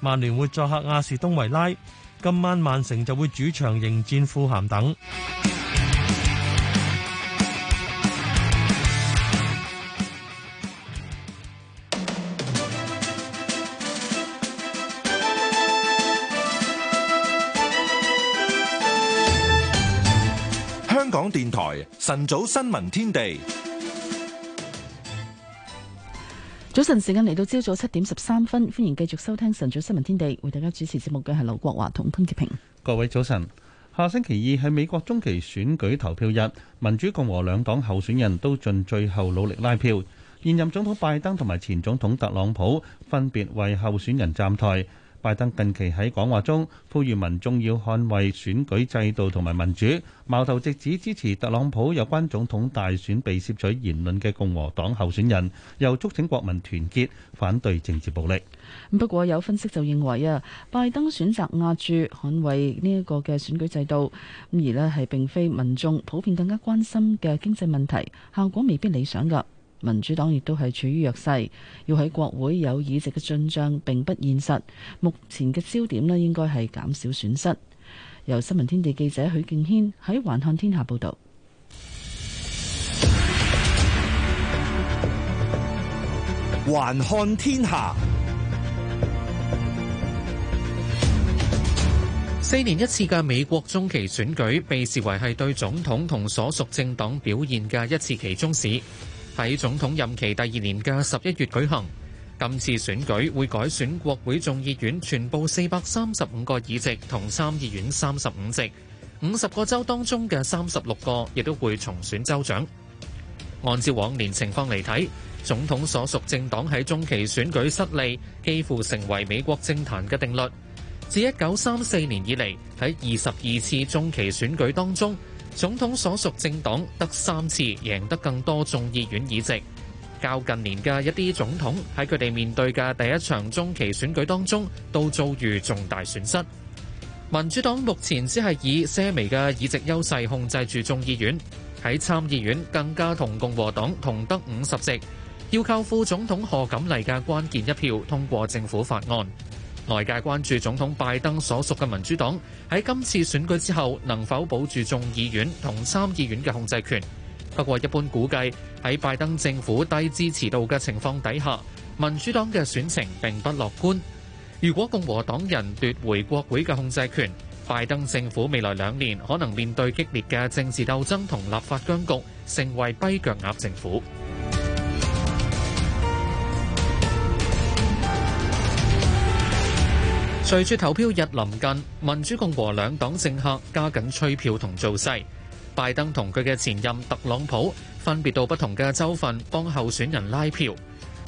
曼聯會作客亞士東維拉，今晚曼城就會主場迎戰富咸等。香港電台晨早新聞天地。早晨時間嚟到朝早七點十三分，歡迎繼續收聽晨早新聞天地，為大家主持節目嘅係劉國華同潘潔平。各位早晨，下星期二係美國中期選舉投票日，民主共和兩黨候選人都盡最後努力拉票，現任總統拜登同埋前總統特朗普分別為候選人站台。拜登近期喺講話中呼籲民眾要捍衛選舉制度同埋民主，矛頭直指支持特朗普有關總統大選被竊取言論嘅共和黨候選人，又促請國民團結反對政治暴力。不過有分析就認為啊，拜登選擇壓住捍衛呢一個嘅選舉制度，而咧係並非民眾普遍更加關心嘅經濟問題，效果未必理想噶。民主黨亦都係處於弱勢，要喺國會有議席嘅進賬並不現實。目前嘅焦點呢，應該係減少損失。由新聞天地記者許敬軒喺《環看天下》報道，《環看天下》 四年一次嘅美國中期選舉被視為係對總統同所屬政黨表現嘅一次期中史。喺總統任期第二年嘅十一月舉行，今次選舉會改選國會眾議院全部四百三十五個議席同參議院三十五席，五十個州當中嘅三十六個亦都會重選州長。按照往年情況嚟睇，總統所屬政黨喺中期選舉失利，幾乎成為美國政壇嘅定律。自一九三四年以來喺二十二次中期選舉當中，總統所屬政黨得三次，贏得更多眾議院議席。較近年嘅一啲總統喺佢哋面對嘅第一場中期選舉當中，都遭遇重大損失。民主黨目前只係以些微嘅議席優勢控制住眾議院，喺參議院更加同共和黨同得五十席，要靠副總統賀錦麗嘅關鍵一票通過政府法案。外界關注總統拜登所屬嘅民主黨喺今次選舉之後能否保住眾議院同參議院嘅控制權。不過一般估計喺拜登政府低支持度嘅情況底下，民主黨嘅選情並不樂觀。如果共和黨人奪回國會嘅控制權，拜登政府未來兩年可能面對激烈嘅政治鬥爭同立法僵局，成為跛腳鴨政府。隨住投票日臨近，民主共和兩黨政客加緊吹票同造勢。拜登同佢嘅前任特朗普分別到不同嘅州份幫候選人拉票。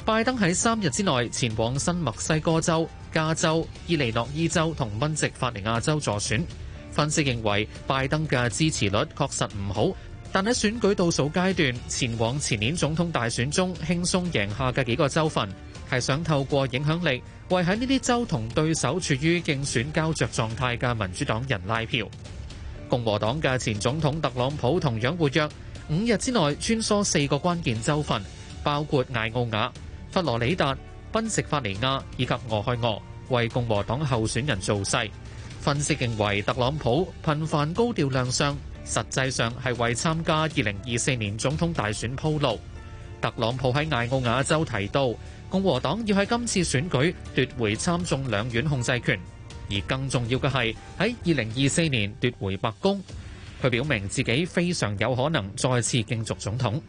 拜登喺三日之內前往新墨西哥州、加州、伊利諾伊州同賓夕法尼亞州助選。分析認為，拜登嘅支持率確實唔好，但喺選舉倒數階段前往前年總統大選中輕鬆贏下嘅幾個州份，係想透過影響力。為喺呢啲州同對手處於競選膠着狀態嘅民主黨人拉票，共和黨嘅前總統特朗普同樣活躍，五日之內穿梭四個關鍵州份，包括艾奧瓦、佛羅里達、賓夕法尼亞以及俄亥俄，為共和黨候選人造勢。分析認為，特朗普頻繁高調亮相，實際上係為參加二零二四年總統大選鋪路。特朗普喺艾奧瓦州提到。共和黨要喺今次選舉奪回參眾兩院控制權，而更重要嘅係喺二零二四年奪回白宮。佢表明自己非常有可能再次競逐總統。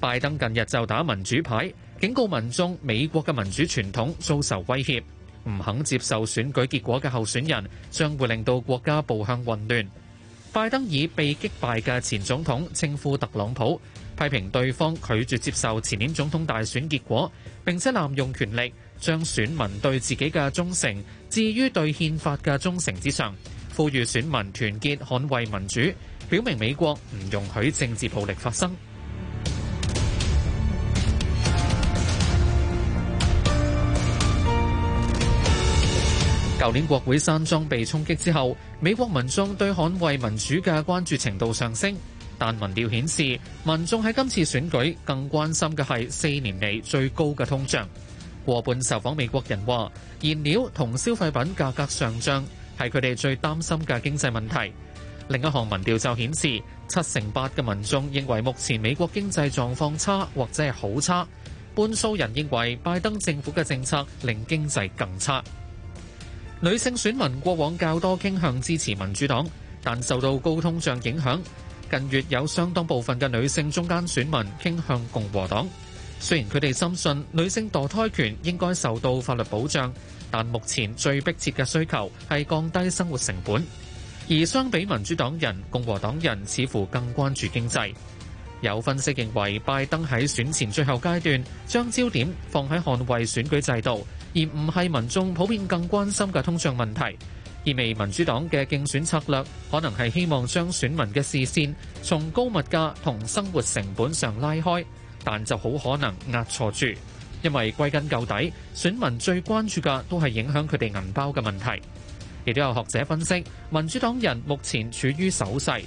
拜登近日就打民主牌，警告民眾美國嘅民主傳統遭受威脅，唔肯接受選舉結果嘅候選人將會令到國家步向混亂。拜登以被擊敗嘅前總統稱呼特朗普，批評對方拒絕接受前年總統大選結果。並且濫用權力，將選民對自己嘅忠誠，置於對憲法嘅忠誠之上。呼籲選民團結捍衞民主，表明美國唔容許政治暴力發生。舊年國會山莊被衝擊之後，美國民眾對捍衞民主嘅關注程度上升。但民調顯示，民眾喺今次選舉更關心嘅係四年嚟最高嘅通脹。過半受訪美國人話，燃料同消費品價格上漲係佢哋最擔心嘅經濟問題，另一項民調就顯示，七成八嘅民眾認為目前美國經濟狀況差或者係好差。半數人認為拜登政府嘅政策令經濟更差。女性選民過往較多傾向支持民主黨，但受到高通脹影響。近月有相當部分嘅女性中間選民傾向共和黨，雖然佢哋深信女性墮胎權應該受到法律保障，但目前最迫切嘅需求係降低生活成本。而相比民主黨人，共和黨人似乎更關注經濟。有分析認為，拜登喺選前最後階段將焦點放喺捍衞選舉制度，而唔係民眾普遍更關心嘅通脹問題。意味民主黨嘅競選策略可能係希望將選民嘅視線從高物價同生活成本上拉開，但就好可能壓錯住，因為歸根究底，選民最關注嘅都係影響佢哋銀包嘅問題。亦都有學者分析，民主黨人目前處於守勢，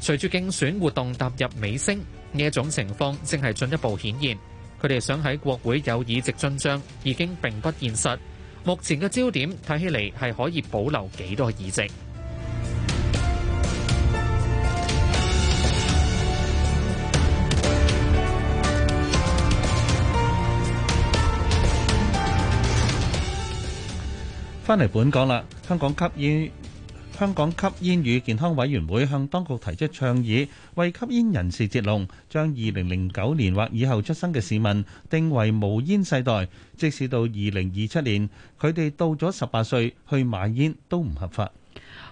隨住競選活動踏入尾聲，呢一種情況正係進一步顯現，佢哋想喺國會有議席進帳已經並不現實。目前嘅焦點睇起嚟係可以保留幾多議席？返嚟本港啦，香港給予。香港吸煙與健康委員會向當局提出倡議，為吸煙人士截龍，將二零零九年或以後出生嘅市民定為無煙世代。即使到二零二七年，佢哋到咗十八歲去買煙都唔合法。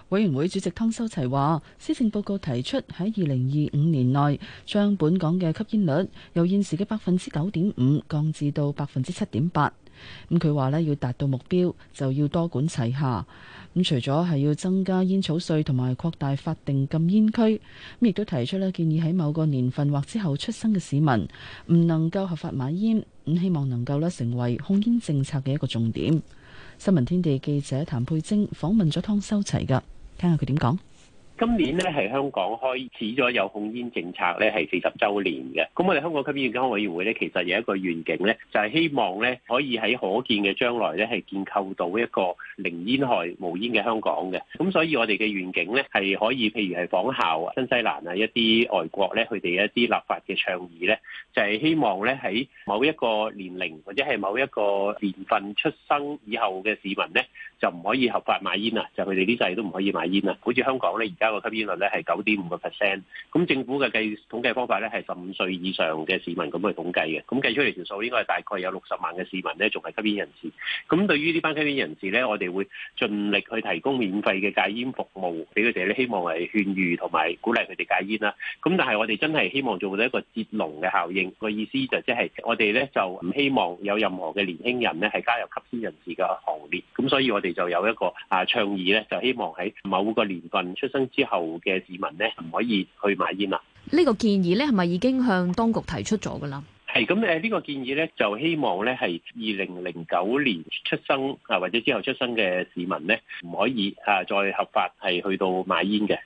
委員會主席湯修齊話，施政報告提出喺二零二五年內，將本港嘅吸煙率由現時嘅百分之九點五降至到百分之七點八。咁佢話咧，要達到目標，就要多管齊下。咁除咗係要增加煙草稅同埋擴大法定禁煙區，咁亦都提出咧建議，喺某個年份或之後出生嘅市民唔能夠合法買煙，咁希望能夠咧成為控煙政策嘅一個重點。新聞天地記者譚佩晶訪問咗湯修齊噶，聽下佢點講。今年咧係香港開始咗有控煙政策咧係四十週年嘅，咁我哋香港吸煙健康委員會咧其實有一個願景咧，就係、是、希望咧可以喺可見嘅將來咧係建構到一個零煙害無煙嘅香港嘅。咁所以我哋嘅願景咧係可以，譬如係仿效啊、新西蘭啊一啲外國咧，佢哋一啲立法嘅倡議咧，就係、是、希望咧喺某一個年齡或者係某一個年份出生以後嘅市民咧，就唔可以合法買煙喇，就佢哋呢世都唔可以買煙喇。好似香港咧而家個吸煙率咧係九點五個 percent，咁政府嘅計統計方法咧係十五歲以上嘅市民咁去統計嘅，咁計出嚟條數應該係大概有六十萬嘅市民咧仲係吸煙人士。咁對於呢班吸煙人士咧，我哋會盡力去提供免費嘅戒煙服務俾佢哋，咧希望係勸喻同埋鼓勵佢哋戒煙啦。咁但係我哋真係希望做到一個接龍嘅效應，個意思就即係我哋咧就唔希望有任何嘅年輕人咧係加入吸煙人士嘅行列。咁所以我哋就有一個啊倡議咧，就希望喺某個年份出生。之後嘅市民咧，唔可以去買煙啦。呢個建議咧，係咪已經向當局提出咗噶啦？係咁誒，呢個建議咧，就希望咧係二零零九年出生啊，或者之後出生嘅市民咧，唔可以啊，再合法係去到買煙嘅。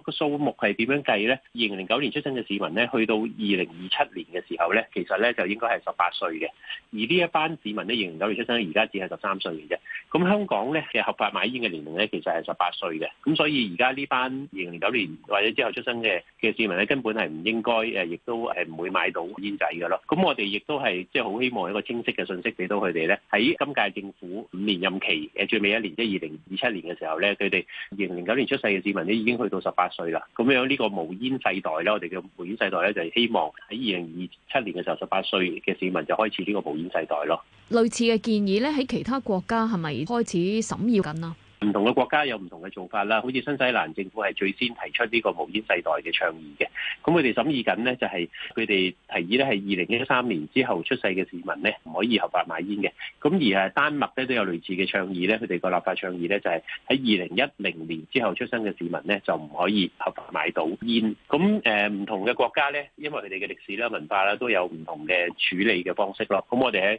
個數目係點樣計呢？二零零九年出生嘅市民呢，去到二零二七年嘅時候呢，其實呢，就應該係十八歲嘅。而呢一班市民呢，二零零九年出生而，而家只係十三歲嘅啫。咁香港呢，嘅合法買煙嘅年齡呢，其實係十八歲嘅。咁所以而家呢班二零零九年或者之後出生嘅嘅市民呢，根本係唔應該誒，亦都誒唔會買到煙仔㗎咯。咁我哋亦都係即係好希望一個清晰嘅信息俾到佢哋呢。喺今屆政府五年任期誒最尾一年，即係二零二七年嘅時候呢，佢哋二零零九年出世嘅市民呢，已經去到十八歲啦，咁樣呢個無煙世代咧，我哋嘅無煙世代咧就係希望喺二零二七年嘅時候，十八歲嘅市民就開始呢個無煙世代咯。類似嘅建議咧，喺其他國家係咪開始審議緊啊？唔同嘅國家有唔同嘅做法啦，好似新西蘭政府係最先提出呢個無煙世代嘅倡議嘅，咁佢哋審議緊呢，就係佢哋提議呢，係二零一三年之後出世嘅市民呢，唔可以合法買煙嘅，咁而係丹麥咧都有類似嘅倡議呢，佢哋個立法倡議呢，就係喺二零一零年之後出生嘅市民呢，就唔可以合法買到煙，咁誒唔同嘅國家呢，因為佢哋嘅歷史啦、文化啦都有唔同嘅處理嘅方式咯，咁我哋喺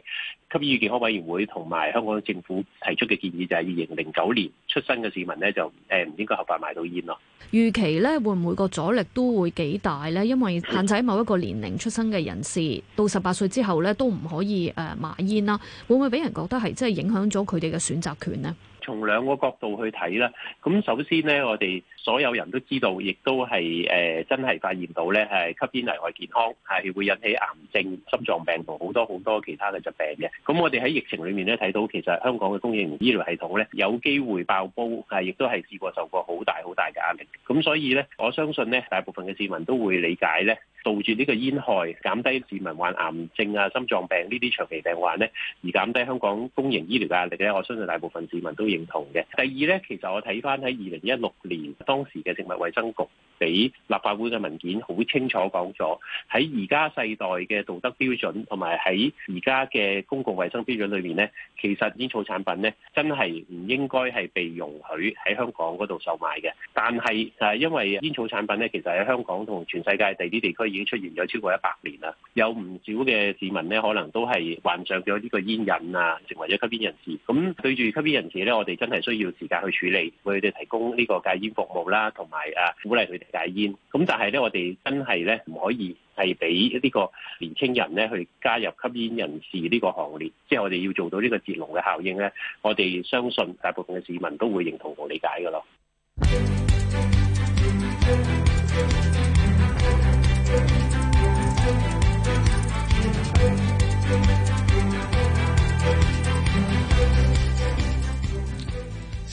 吸煙與健康委員會同埋香港政府提出嘅建議就係二零零九年。出生嘅市民咧就誒唔應該合法買到煙咯。預期咧會唔會個阻力都會幾大咧？因為限制喺某一個年齡出生嘅人士到十八歲之後咧都唔可以誒買煙啦。會唔會俾人覺得係即係影響咗佢哋嘅選擇權呢？從兩個角度去睇咧，咁首先咧我哋。所有人都知道，亦都係誒、呃、真係發現到咧，係吸煙危害健康，係會引起癌症、心臟病同好多好多其他嘅疾病嘅。咁我哋喺疫情裡面咧睇到，其實香港嘅公營醫療系統咧有機會爆煲，係亦都係試過受過好大好大嘅壓力。咁所以咧，我相信咧，大部分嘅市民都會理解咧。杜絕呢個煙害，減低市民患癌症啊、心臟病呢啲長期病患呢，而減低香港公營醫療嘅壓力呢。我相信大部分市民都認同嘅。第二呢，其實我睇返喺二零一六年當時嘅食物衞生局俾立法會嘅文件，好清楚講咗喺而家世代嘅道德標準，同埋喺而家嘅公共衞生標準裏面呢。其實煙草產品呢，真係唔應該係被容許喺香港嗰度售賣嘅。但係誒，因為煙草產品呢，其實喺香港同全世界第啲地區已經出現咗超過一百年啦，有唔少嘅市民呢，可能都係患上咗呢個煙癮啊，成為咗吸煙人士。咁對住吸煙人士呢，我哋真係需要時間去處理，為佢哋提供呢個戒煙服務啦，同埋啊鼓勵佢哋戒煙。咁但係呢，我哋真係呢，唔可以係俾呢個年青人呢去加入吸煙人士呢個行列，即係我哋要做到呢個截龍嘅效應呢，我哋相信大部分嘅市民都會認同同理解噶咯。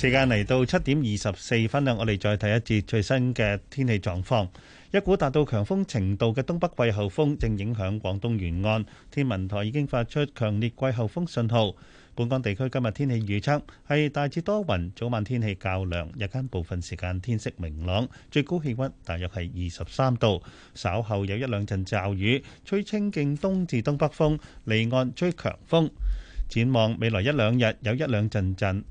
時間嚟到七點二十四分啦，我哋再睇一節最新嘅天氣狀況。一股達到強風程度嘅東北季候風正影響廣東沿岸，天文台已經發出強烈季候風信號。本港地區今日天氣預測係大致多雲，早晚天氣較涼，日間部分時間天色明朗，最高氣温大約係二十三度。稍後有一兩陣驟雨，吹清勁東至東北風，離岸吹強風。展望未來一兩日，有一兩陣陣。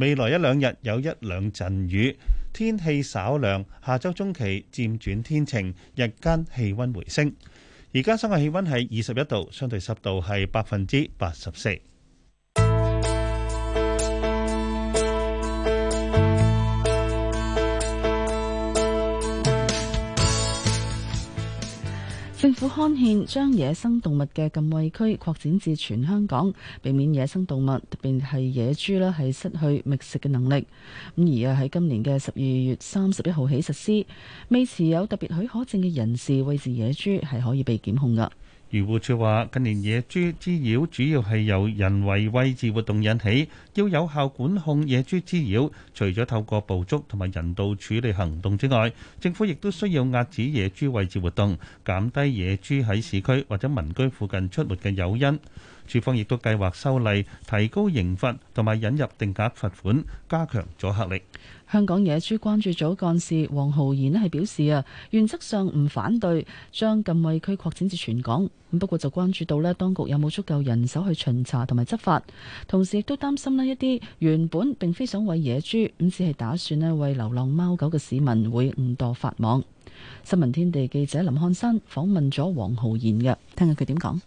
未來一兩日有一兩陣雨，天氣稍涼。下周中期漸轉天晴，日間氣溫回升。而家室外氣溫係二十一度，相對濕度係百分之八十四。政府刊憲將野生動物嘅禁餵區擴展至全香港，避免野生動物，特別係野豬啦，係失去覓食嘅能力。咁而啊喺今年嘅十二月三十一號起實施，未持有特別許可證嘅人士餵飼野豬係可以被檢控噶。漁護署話：近年野豬滋擾主要係由人為餵飼活動引起，要有效管控野豬滋擾，除咗透過捕捉同埋人道處理行動之外，政府亦都需要壓止野豬餵飼活動，減低野豬喺市區或者民居附近出沒嘅誘因。處方亦都計劃修例，提高刑罰同埋引入定額罰款，加強阻嚇力。香港野豬關注組幹事黃浩然咧係表示啊，原則上唔反對將禁餵區擴展至全港，咁不過就關注到咧，當局有冇足夠人手去巡查同埋執法，同時亦都擔心咧一啲原本並非想餵野豬，咁只係打算咧餵流浪貓狗嘅市民會誤墮法網。新聞天地記者林漢山訪問咗黃浩然嘅，聽下佢點講。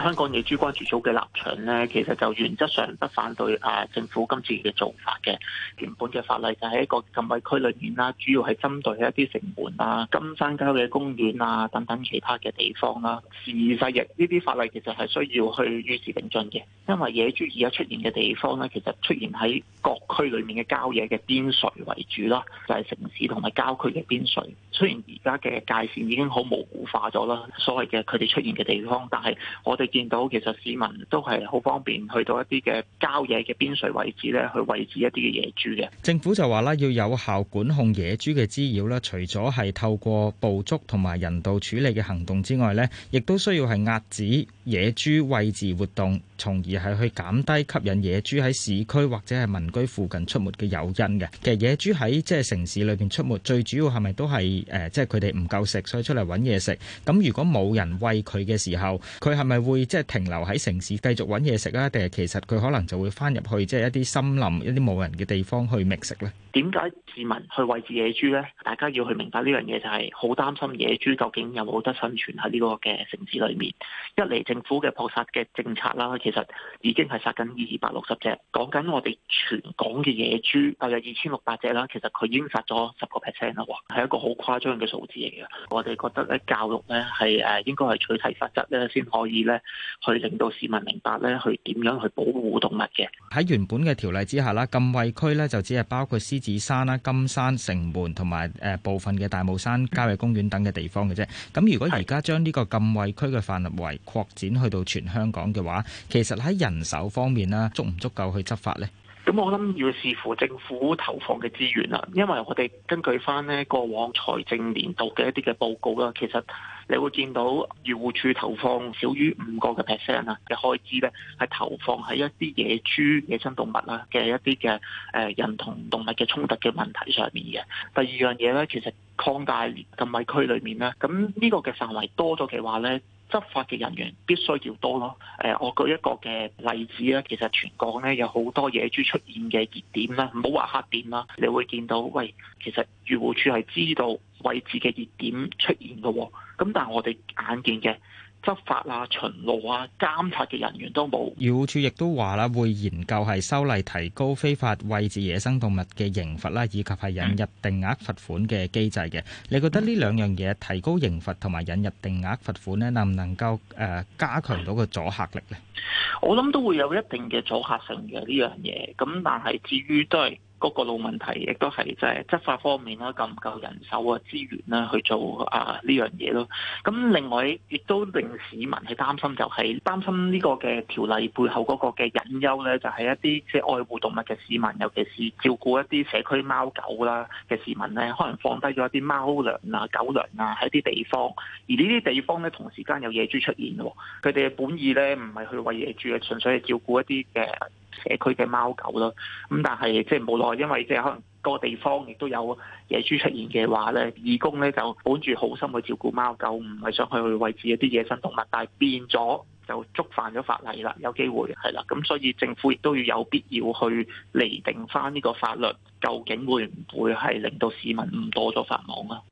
香港野豬關注組嘅立場咧，其實就原則上不反對啊政府今次嘅做法嘅。原本嘅法例就喺一個禁尾區裏面啦，主要係針對一啲城門啊、金山郊野公園啊等等其他嘅地方啦、啊。事實亦呢啲法例其實係需要去與時並進嘅，因為野豬而家出現嘅地方咧，其實出現喺各區裏面嘅郊野嘅邊陲為主啦，就係、是、城市同埋郊區嘅邊陲。雖然而家嘅界線已經好模糊化咗啦，所謂嘅佢哋出現嘅地方，但係我哋。見到其實市民都係好方便去到一啲嘅郊野嘅邊陲位置咧，去餵飼一啲嘅野豬嘅。政府就話啦，要有效管控野豬嘅滋擾咧，除咗係透過捕捉同埋人道處理嘅行動之外呢，亦都需要係遏止野豬餵飼活動，從而係去減低吸引野豬喺市區或者係民居附近出沒嘅誘因嘅。其實野豬喺即係城市裏邊出沒，最主要係咪都係誒，即係佢哋唔夠食，所以出嚟揾嘢食。咁如果冇人餵佢嘅時候，佢係咪會？即係停留喺城市繼續揾嘢食啦、啊，定係其實佢可能就會翻入去即係一啲森林、一啲冇人嘅地方去覓食呢？點解市民去餵野豬呢？大家要去明白呢樣嘢就係好擔心野豬究竟有冇得生存喺呢個嘅城市裏面。一嚟政府嘅撲殺嘅政策啦，其實已經係殺緊二百六十隻，講緊我哋全港嘅野豬，大約二千六百隻啦。其實佢已經殺咗十個 percent 啦，係一個好誇張嘅數字嚟嘅。我哋覺得咧，教育咧係誒應該係取締法則咧，先可以咧。去令到市民明白咧，去點樣去保護動物嘅。喺原本嘅條例之下啦，禁衛區咧就只係包括獅子山啦、金山城門同埋誒部分嘅大帽山郊野、嗯、公園等嘅地方嘅啫。咁如果而家將呢個禁衛區嘅範圍擴展去到全香港嘅話，其實喺人手方面啦，足唔足夠去執法呢？咁我諗要視乎政府投放嘅資源啦，因為我哋根據翻呢過往財政年度嘅一啲嘅報告啦，其實。你會見到漁護署投放少於五個嘅 percent 啊嘅開支咧，係投放喺一啲野豬、野生動物啦嘅一啲嘅誒人同動物嘅衝突嘅問題上面嘅。第二樣嘢咧，其實擴大禁獵區裏面啦。咁呢個嘅範圍多咗嘅話咧，執法嘅人員必須要多咯。誒，我舉一個嘅例子啊，其實全港咧有好多野豬出現嘅熱點啦，唔好話黑點啦，你會見到喂，其實漁護署係知道位置嘅熱點出現嘅。咁但係我哋眼見嘅執法啊、巡邏啊、監察嘅人員都冇。要署亦都話啦，會研究係修例提高非法餵飼野生動物嘅刑罰啦，以及係引入定額罰款嘅機制嘅。嗯、你覺得呢兩樣嘢提高刑罰同埋引入定額罰款咧，能唔能夠誒、呃、加強到個阻嚇力呢？我諗都會有一定嘅阻嚇性嘅呢樣嘢。咁但係至於對。嗰個老問題，亦都係即係執法方面啦，夠唔夠人手啊、資源啦，去做啊呢樣嘢咯。咁另外亦都令市民係擔心，就是，就係擔心呢個嘅條例背後嗰個嘅隱憂呢，就係、是、一啲即係愛護動物嘅市民，尤其是照顧一啲社區貓狗啦嘅市民呢，可能放低咗一啲貓糧啊、狗糧啊喺啲地方，而呢啲地方呢，同時間有野豬出現咯。佢哋本意呢，唔係去餵野豬，純粹係照顧一啲嘅。社區嘅貓狗咯，咁但係即係無奈，因為即係可能個地方亦都有野豬出現嘅話咧，義工咧就本住好心去照顧貓狗，唔係想去餵食一啲野生動物，但係變咗就觸犯咗法例啦，有機會係啦，咁所以政府亦都要有必要去釐定返呢個法律，究竟會唔會係令到市民唔多咗法網啊？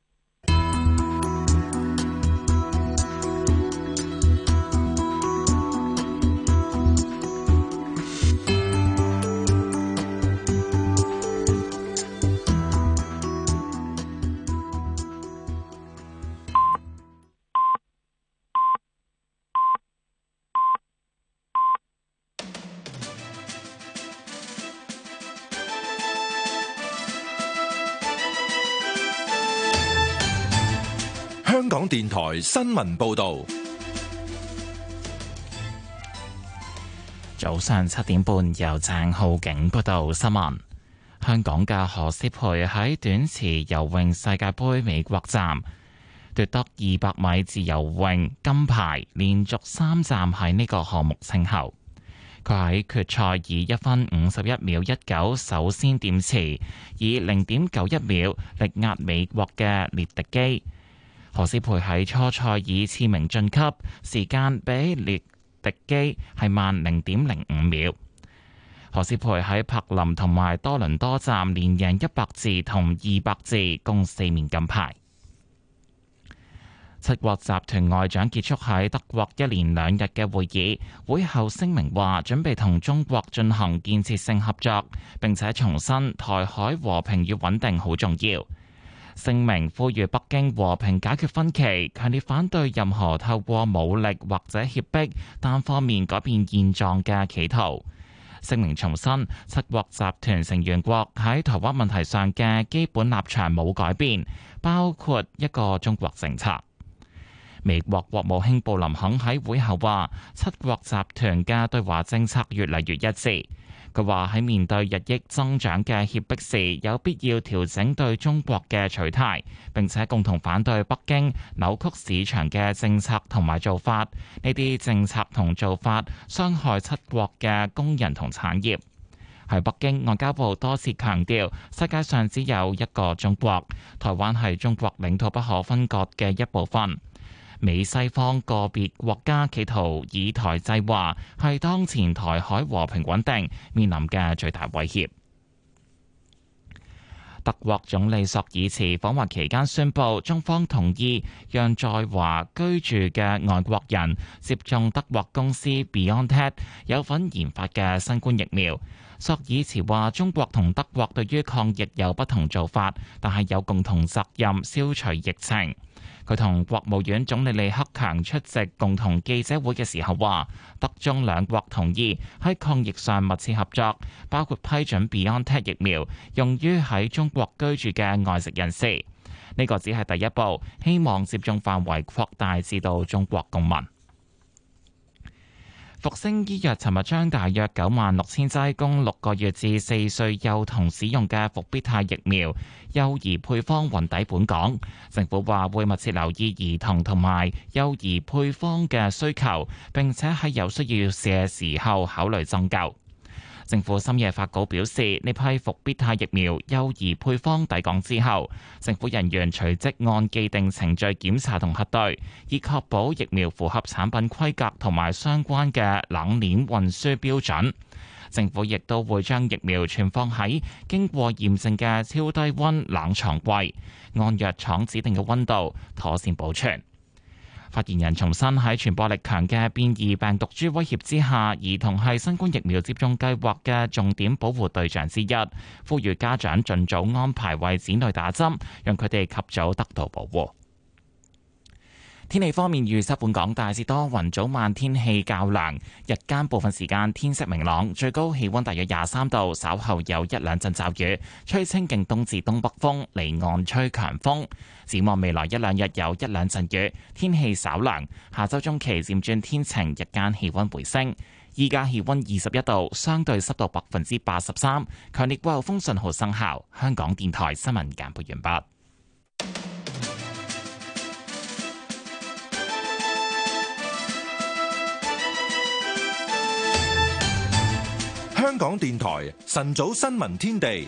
港電台新聞報道，早上七點半由鄭浩景報道新聞。香港嘅何詩蓓喺短池游泳世界杯美國站奪得二百米自由泳金牌，連續三站喺呢個項目稱后。佢喺決賽以一分五十一秒一九首先點池，以零點九一秒力壓美國嘅列迪基。何思培喺初賽以次名晉級，時間比列迪基係慢零點零五秒。何思培喺柏林同埋多倫多站連贏一百字同二百字，共四面金牌。七國集團外長結束喺德國一連兩日嘅會議，會後聲明話準備同中國進行建設性合作，並且重申台海和平與穩定好重要。聲明呼籲北京和平解決分歧，強烈反對任何透過武力或者脅迫單方面改變現狀嘅企圖。聲明重申七國集團成員國喺台灣問題上嘅基本立場冇改變，包括一個中國政策。美國國務卿布林肯喺會後話：七國集團嘅對華政策越嚟越一致。佢話喺面對日益增長嘅脅迫時，有必要調整對中國嘅取態，並且共同反對北京扭曲市場嘅政策同埋做法。呢啲政策同做法傷害七國嘅工人同產業。喺北京外交部多次強調，世界上只有一個中國，台灣係中國領土不可分割嘅一部分。美西方個別國家企圖以台制華，係當前台海和平穩定面臨嘅最大威脅。德國總理索爾茨訪華期間宣布，中方同意讓在華居住嘅外國人接種德國公司 BioNTech 有份研發嘅新冠疫苗。索爾茨話：中國同德國對於抗疫有不同做法，但係有共同責任消除疫情。佢同國務院總理李克強出席共同記者會嘅時候話，德中兩國同意喺抗疫上密切合作，包括批准 Biontech 疫苗用於喺中國居住嘅外籍人士。呢、呢個只係第一步，希望接種範圍擴大至到中國公民。復星醫藥尋日將大約九萬六千劑供六個月至四歲幼童使用嘅復必泰疫苗幼兒配方運抵本港。政府話會密切留意兒童同埋幼兒配方嘅需求，並且喺有需要嘅時候考慮增購。政府深夜發稿表示，呢批復必泰疫苗幼兒配方抵港之後，政府人員隨即按既定程序檢查同核對，以確保疫苗符合產品規格同埋相關嘅冷鏈運輸標準，政府亦都會將疫苗存放喺經過驗證嘅超低溫冷藏櫃，按藥廠指定嘅溫度妥善保存。發言人重申喺傳播力強嘅變異病毒株威脅之下，兒童係新冠疫苗接種計劃嘅重點保護對象之一，呼籲家長盡早安排為子女打針，讓佢哋及早得到保護。天氣方面，預測本港大致多雲，早晚天氣較涼，日間部分時間天色明朗，最高氣溫大約廿三度，稍後有一兩陣驟雨，吹清勁東至東北風，離岸吹強風。展望未來一兩日有一兩陣雨，天氣稍涼。下週中期漸轉天晴，日間氣溫回升。依家氣溫二十一度，相對濕度百分之八十三，強烈季候風信號生效。香港電台新聞簡報完畢。香港電台晨早新聞天地，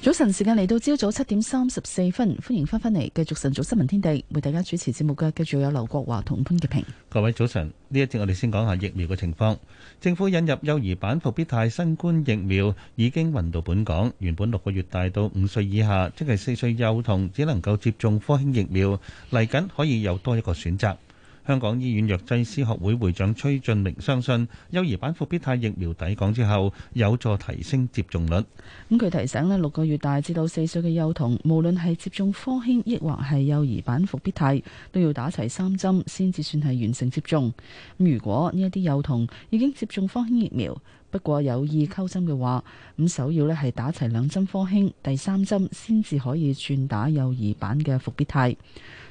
早晨時間嚟到朝早七點三十四分，歡迎翻返嚟，繼續晨早新聞天地，為大家主持節目嘅，繼續有劉國華同潘潔平。各位早晨，呢一節我哋先講下疫苗嘅情況。政府引入幼兒版復必泰新冠疫苗已經運到本港，原本六個月大到五歲以下，即係四歲幼童只能夠接種科興疫苗，嚟緊可以有多一個選擇。香港醫院藥劑師學會會長崔俊明相信，幼兒版復必泰疫苗抵港之後，有助提升接種率。咁佢提醒咧，六個月大至到四歲嘅幼童，無論係接種科興，抑或係幼兒版復必泰，都要打齊三針先至算係完成接種。咁如果呢一啲幼童已經接種科興疫苗，不過有意溝針嘅話，咁首要呢係打齊兩針科興，第三針先至可以轉打幼兒版嘅伏必泰。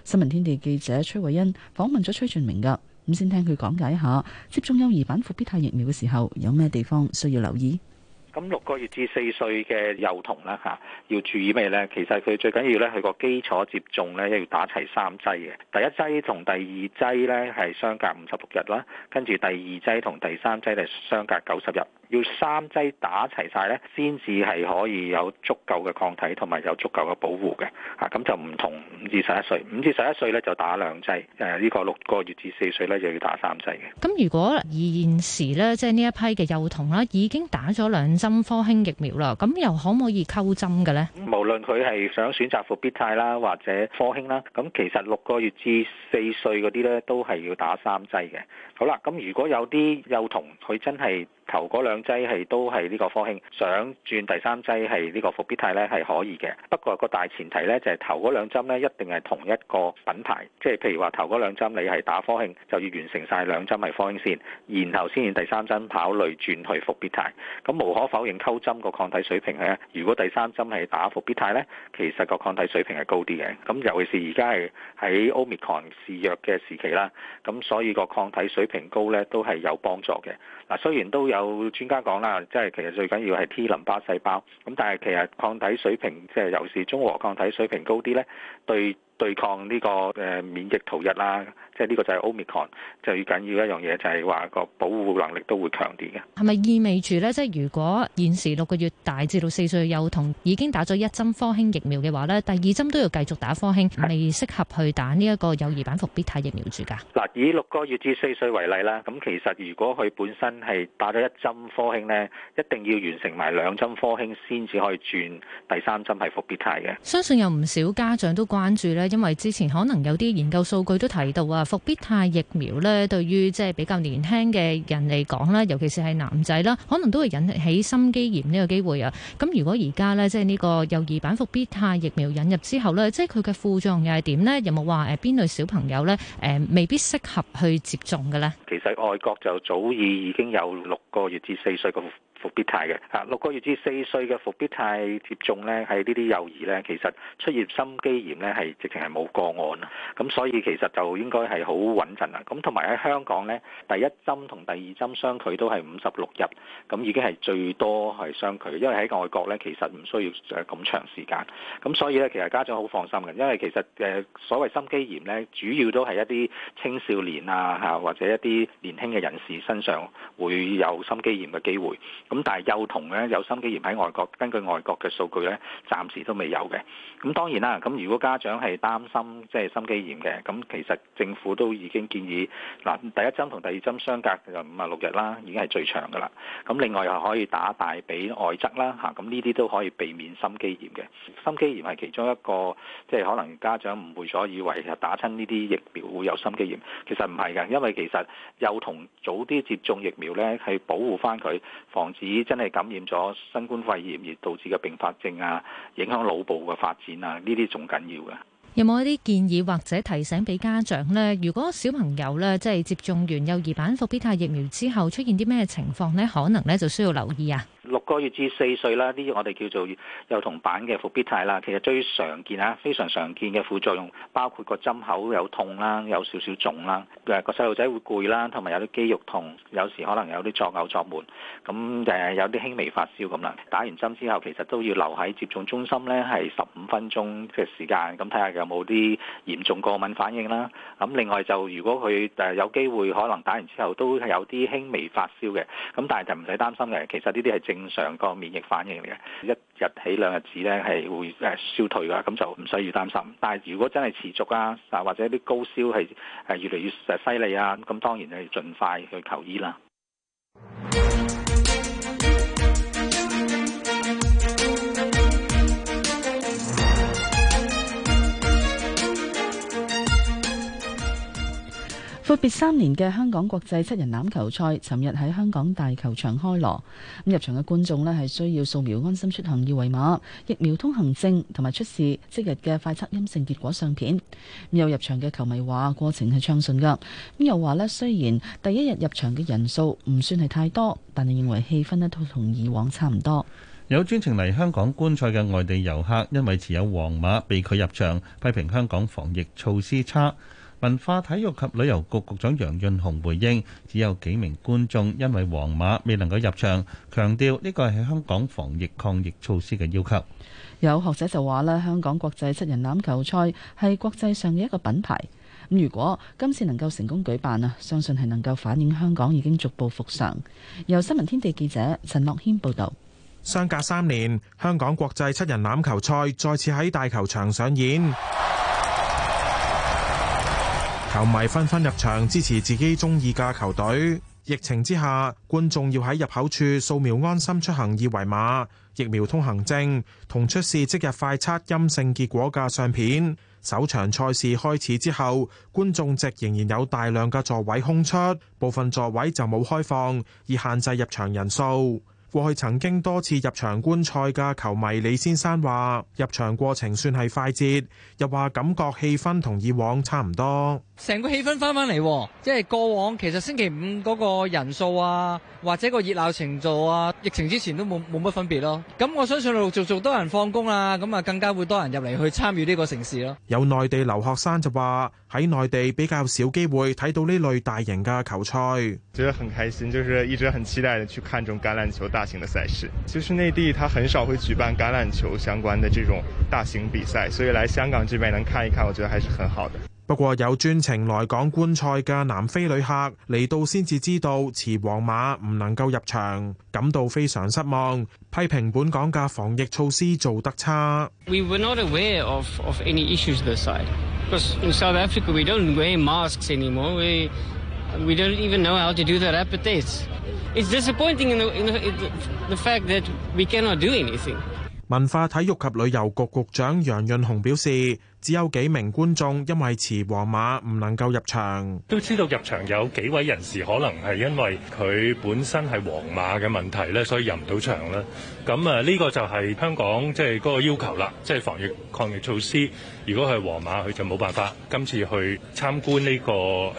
新聞天地記者崔慧欣訪問咗崔俊明噶，咁，先聽佢講解一下接種幼兒版伏必泰疫苗嘅時候有咩地方需要留意。咁六個月至四歲嘅幼童啦，吓，要注意咩呢？其實佢最緊要呢，佢個基礎接種呢，要打齊三劑嘅。第一劑同第二劑呢，係相隔五十六日啦，跟住第二劑同第三劑係相隔九十日。要三劑打齊晒，咧，先至係可以有足夠嘅抗體同埋有足夠嘅保護嘅嚇，咁、啊、就唔同五至十一歲，五至十一歲咧就打兩劑，誒、這、呢個六個月至四歲咧就要打三劑嘅。咁如果現時咧，即係呢一批嘅幼童啦，已經打咗兩針科興疫苗啦，咁又可唔可以溝針嘅咧？無論佢係想選擇復必泰啦，或者科興啦，咁其實六個月至四歲嗰啲咧，都係要打三劑嘅。好啦，咁如果有啲幼童佢真係頭嗰兩劑係都係呢個科興，想轉第三劑係呢個復必泰咧，係可以嘅。不過個大前提咧，就係、是、頭嗰兩針咧，一定係同一個品牌，即係譬如話頭嗰兩針你係打科興，就要完成晒兩針係科興先，然後先至第三針考慮轉去復必泰。咁無可否認，溝針個抗體水平咧，如果第三針係打復必泰咧，其實個抗體水平係高啲嘅。咁尤其是而家係喺 Omicron 肆虐嘅時期啦，咁所以個抗體水水平高咧，都係有幫助嘅。嗱、啊，雖然都有專家講啦，即係其實最緊要係 T 淋巴細胞，咁但係其實抗體水平，即係尤其是中和抗體水平高啲咧，對。對抗呢個誒免疫逃逸啦，即係呢個就係 Omicron。最緊要一樣嘢，就係話個保護能力都會強啲嘅。係咪意味住咧？即係如果現時六個月大至到四歲幼童已經打咗一針科興疫苗嘅話咧，第二針都要繼續打科興，的未適合去打呢一個幼兒版伏必泰疫苗住㗎？嗱，以六個月至四歲為例啦，咁其實如果佢本身係打咗一針科興咧，一定要完成埋兩針科興先至可以轉第三針係伏必泰嘅。相信有唔少家長都關注咧。因為之前可能有啲研究數據都提到啊，復必泰疫苗咧，對於即係比較年輕嘅人嚟講咧，尤其是係男仔啦，可能都會引起心肌炎呢個機會啊。咁如果而家咧，即係呢個幼兒版復必泰疫苗引入之後咧，即係佢嘅副作用又係點呢？有冇話誒邊類小朋友咧誒未必適合去接種嘅咧？其實外國就早已已經有六個月至四歲嘅。復必泰嘅嚇六個月至四歲嘅復必泰接種咧，喺呢啲幼兒咧，其實出現心肌炎咧，係直情係冇個案啦。咁所以其實就應該係好穩陣啦。咁同埋喺香港咧，第一針同第二針相距都係五十六日，咁已經係最多係相距。因為喺外國咧，其實唔需要誒咁長時間。咁所以咧，其實家長好放心嘅，因為其實誒所謂心肌炎咧，主要都係一啲青少年啊嚇或者一啲年輕嘅人士身上會有心肌炎嘅機會。咁但係幼童咧有心肌炎喺外國，根據外國嘅數據咧，暫時都未有嘅。咁當然啦，咁如果家長係擔心即係、就是、心肌炎嘅，咁其實政府都已經建議嗱，第一針同第二針相隔就五啊六日啦，已經係最長噶啦。咁另外又可以打大髀外側啦吓，咁呢啲都可以避免心肌炎嘅。心肌炎係其中一個，即、就、係、是、可能家長誤會咗，以為打親呢啲疫苗會有心肌炎，其實唔係嘅，因為其實幼童早啲接種疫苗咧係保護翻佢防止。真係感染咗新冠肺炎而導致嘅併發症啊，影響腦部嘅發展啊，呢啲仲緊要嘅。有冇一啲建議或者提醒俾家長呢？如果小朋友咧即係接種完幼兒版伏必泰疫苗之後出現啲咩情況咧，可能咧就需要留意啊。六個月至四歲啦，呢啲我哋叫做幼童版嘅伏必泰啦，其實最常見啊，非常常見嘅副作用包括個針口有痛啦，有少少腫啦，誒個細路仔會攰啦，同埋有啲肌肉痛，有時可能有啲作嘔作悶，咁誒有啲輕微發燒咁啦。打完針之後其實都要留喺接種中心咧，係十五分鐘嘅時間咁睇下有冇啲嚴重過敏反應啦？咁另外就如果佢誒有機會可能打完之後都係有啲輕微發燒嘅，咁但係就唔使擔心嘅。其實呢啲係正常個免疫反應嚟嘅，一日起兩日子咧係會誒消退㗎，咁就唔需要擔心。但係如果真係持續啊，或者啲高燒係係越嚟越犀利啊，咁當然就係儘快去求醫啦。特別三年嘅香港國際七人欖球賽，尋日喺香港大球場開鑼。咁入場嘅觀眾呢係需要掃描安心出行二維碼、疫苗通行證同埋出示即日嘅快測陰性結果相片。有入場嘅球迷話，過程係暢順㗎。咁又話呢，雖然第一日入場嘅人數唔算係太多，但係認為氣氛呢都同以往差唔多。有專程嚟香港觀賽嘅外地遊客，因為持有黃碼被拒入場，批評香港防疫措施差。文化體育及旅遊局局長楊潤雄回應，只有幾名觀眾因為黃碼未能夠入場，強調呢個係香港防疫抗疫措施嘅要求。有學者就話咧，香港國際七人欖球賽係國際上嘅一個品牌，咁如果今次能夠成功舉辦啊，相信係能夠反映香港已經逐步復常。由新聞天地記者陳樂軒報導。相隔三年，香港國際七人欖球賽再次喺大球場上演。球迷紛紛入場支持自己中意嘅球隊。疫情之下，觀眾要喺入口處掃描安心出行二維碼、疫苗通行證同出示即日快測陰性結果嘅相片。首場賽事開始之後，觀眾席仍然有大量嘅座位空出，部分座位就冇開放，而限制入場人數。過去曾經多次入場觀賽嘅球迷李先生話：入場過程算係快捷，又話感覺氣氛同以往差唔多。成個氣氛翻翻嚟，即係過往其實星期五嗰個人數啊，或者個熱鬧程度啊，疫情之前都冇冇乜分別咯。咁我相信陸陸續續多人放工啦，咁啊更加會多人入嚟去參與呢個城市咯。有內地留學生就話喺內地比較少機會睇到呢類大型嘅球賽，覺得很開心，就是一直很期待地去看這種橄欖球大型嘅賽事。其實內地他很少會舉辦橄欖球相關的這種大型比賽，所以來香港這邊能看一看，我覺得還是很好的。不過有專程來港觀賽嘅南非旅客嚟到先至知道持黃碼唔能夠入場感到非常失望批評本港嘅防疫措施做得差文化體育及旅遊局局,局長楊潤雄表示只有幾名觀眾因為持黃碼唔能夠入場，都知道入場有幾位人士可能係因為佢本身係黃碼嘅問題咧，所以入唔到場咧。咁啊，呢個就係香港即係個要求啦，即係防疫抗疫措施。如果係皇馬，佢就冇辦法今次去參觀呢個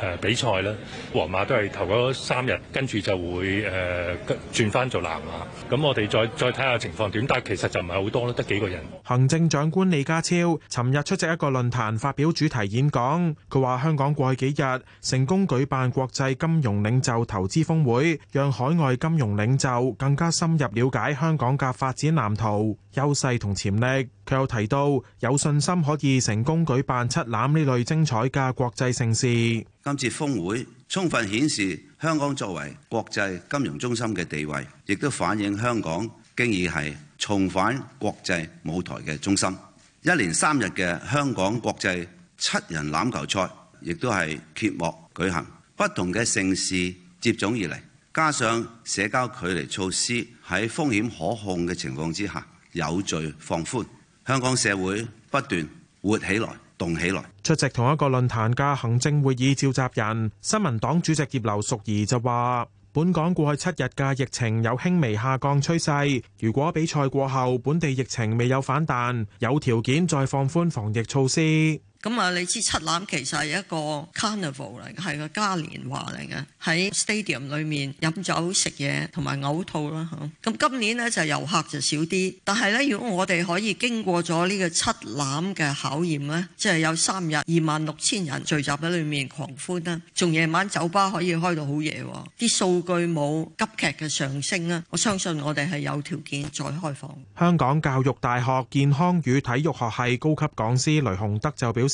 誒比賽啦。皇馬都係投咗三日，跟住就會誒、呃、轉翻做南亞。咁我哋再再睇下情況點，但係其實就唔係好多咯，得幾個人。行政長官李家超尋日出席一個論壇發表主題演講，佢話香港過去幾日成功舉辦國際金融領袖投資峰會讓海外金融領袖更加深入了解香港。發展藍圖、優勢同潛力，佢又提到有信心可以成功舉辦七欖呢類精彩嘅國際盛事。今次峰會充分顯示香港作為國際金融中心嘅地位，亦都反映香港經已係重返國際舞台嘅中心。一連三日嘅香港國際七人欖球賽亦都係揭幕舉行，不同嘅盛事接踵而嚟。加上社交距離措施喺風險可控嘅情況之下，有序放寬，香港社會不斷活起來、動起來。出席同一個論壇嘅行政會議召集人、新民黨主席葉劉淑儀就話，本港過去七日嘅疫情有輕微下降趨勢。如果比賽過後本地疫情未有反彈，有條件再放寬防疫措施。咁啊、嗯，你知七欖其實係一個 carnival 嚟嘅，係個嘉年華嚟嘅，喺 stadium 裏面飲酒食嘢同埋嘔吐啦吓。咁、嗯嗯、今年咧就遊客就少啲，但係咧如果我哋可以經過咗呢個七欖嘅考驗咧，即係有三日二萬六千人聚集喺裏面狂歡啦，仲夜晚酒吧可以開到好夜，啲、哦、數據冇急劇嘅上升啦。我相信我哋係有條件再開放。香港教育大學健康與體育學系高級講師雷洪德就表示。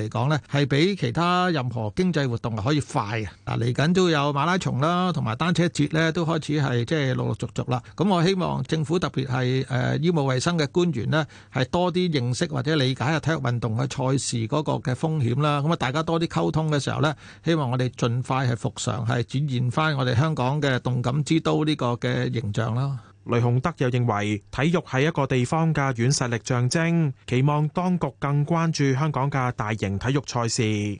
嚟講呢係比其他任何經濟活動可以快嘅。嚟緊都有馬拉松啦，同埋單車節呢都開始係即係陸陸續續啦。咁我希望政府特別係誒，醫務衛生嘅官員呢，係多啲認識或者理解下體育運動嘅賽事嗰個嘅風險啦。咁啊，大家多啲溝通嘅時候呢，希望我哋盡快係復常，係展現翻我哋香港嘅動感之都呢個嘅形象啦。雷洪德又認為，體育係一個地方嘅軟實力象徵，期望當局更關注香港嘅大型體育賽事。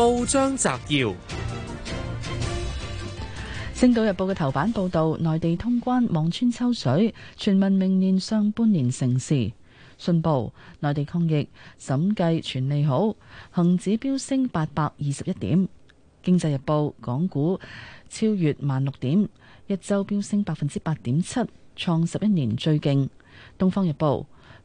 報章摘要：《星島日報》嘅頭版報道，內地通關望穿秋水，傳聞明年上半年成事。信報：內地抗疫審計全利好，恒指飆升八百二十一點。《經濟日報》：港股超越萬六點，一周飆升百分之八點七，創十一年最勁。《東方日報》：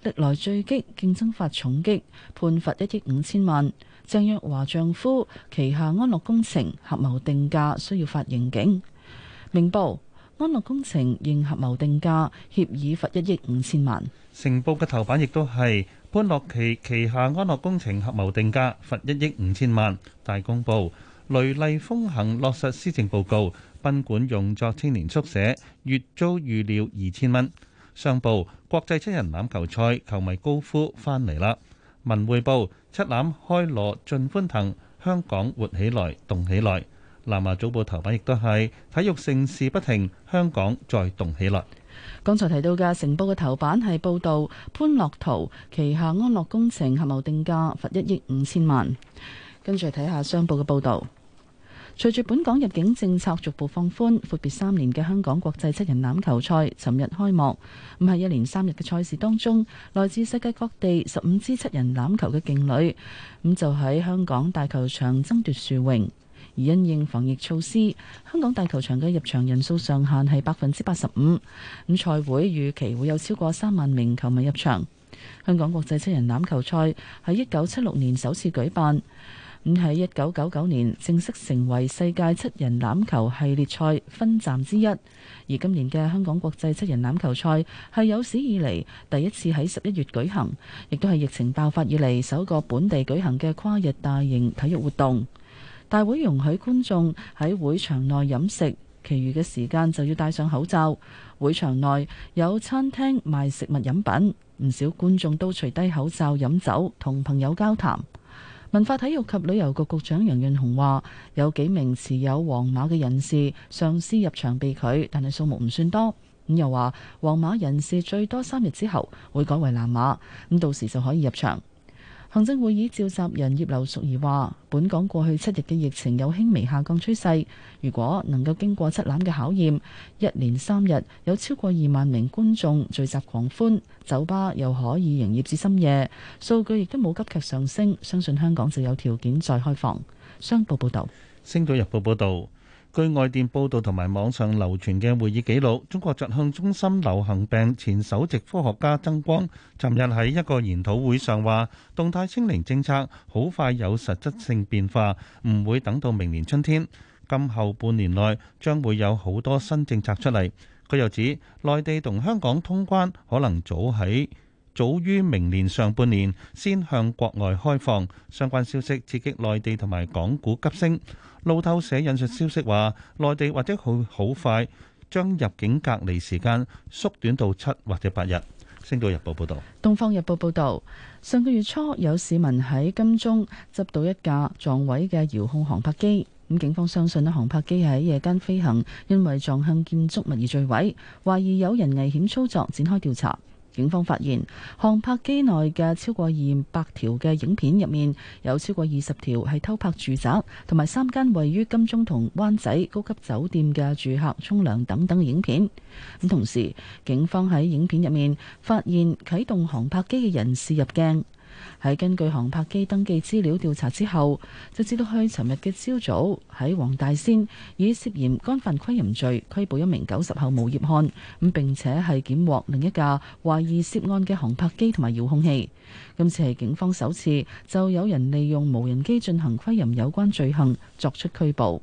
歷來最激競爭法重擊，判罰一億五千萬。鄭若華丈夫旗下安樂工程合謀定價需要發刑警，明報安樂工程認合謀定價協議罰一億五千萬。成報嘅頭版亦都係潘樂琪旗下安樂工程合謀定價罰一億五千萬大公報。雷厲風行落實施政報告，賓館用作青年宿舍，月租預料二千蚊。商報國際七人欖球賽球迷高呼翻嚟啦。文匯報：七欖開鑼盡歡騰，香港活起來，動起來。南華早報頭版亦都係體育盛事不停，香港再動起來。剛才提到嘅成報嘅頭版係報道潘樂圖旗下安樂工程合謀定價罰一億五千萬。跟住睇下商報嘅報道。隨住本港入境政策逐步放寬，闊別三年嘅香港國際七人欖球賽尋日開幕。咁喺一連三日嘅賽事當中，來自世界各地十五支七人欖球嘅勁旅，咁就喺香港大球場爭奪殊榮。而因應防疫措施，香港大球場嘅入場人數上限係百分之八十五。咁賽會預期會有超過三萬名球迷入場。香港國際七人欖球賽喺一九七六年首次舉辦。佢喺一九九九年正式成為世界七人欖球系列賽分站之一，而今年嘅香港國際七人欖球賽係有史以嚟第一次喺十一月舉行，亦都係疫情爆發以嚟首個本地舉行嘅跨日大型體育活動。大會容許觀眾喺會場內飲食，其餘嘅時間就要戴上口罩。會場內有餐廳賣食物飲品，唔少觀眾都除低口罩飲酒同朋友交談。文化體育及旅遊局局長楊潤雄話：有幾名持有黃碼嘅人士上司入場被拒，但係數目唔算多。咁又話黃碼人士最多三日之後會改為藍碼，咁到時就可以入場。行政會議召集人葉劉淑儀話，本港過去七日嘅疫情有輕微下降趨勢，如果能夠經過七欖嘅考驗，一連三日有超過二萬名觀眾聚集狂歡，酒吧又可以營業至深夜，數據亦都冇急劇上升，相信香港就有條件再開放。商報報導，《星島日報》報導。據外電報道同埋網上流傳嘅會議記錄，中國疾控中心流行病前首席科學家曾光，尋日喺一個研討會上話：動態清零政策好快有實質性變化，唔會等到明年春天。今後半年內將會有好多新政策出嚟。佢又指，內地同香港通關可能早喺早於明年上半年先向國外開放，相關消息刺激內地同埋港股急升。路透社引述消息話，內地或者會好快將入境隔離時間縮短到七或者八日。星島日報報導，東方日報報道，上個月初有市民喺金鐘執到一架撞毀嘅遙控航拍機，咁警方相信呢航拍機喺夜間飛行，因為撞向建築物而墜毀，懷疑有人危險操作，展開調查。警方發現航拍機內嘅超過二百條嘅影片入面，有超過二十條係偷拍住宅同埋三間位於金鐘同灣仔高級酒店嘅住客沖涼等等嘅影片。咁同時，警方喺影片入面發現啟動航拍機嘅人士入鏡。喺根據航拍機登記資料調查之後，就知道去尋日嘅朝早喺黃大仙，以涉嫌干犯窺淫罪拘捕一名九十後無業漢，咁並且係檢獲另一架懷疑涉案嘅航拍機同埋遙控器。今次係警方首次就有人利用無人機進行窺淫有關罪行作出拘捕。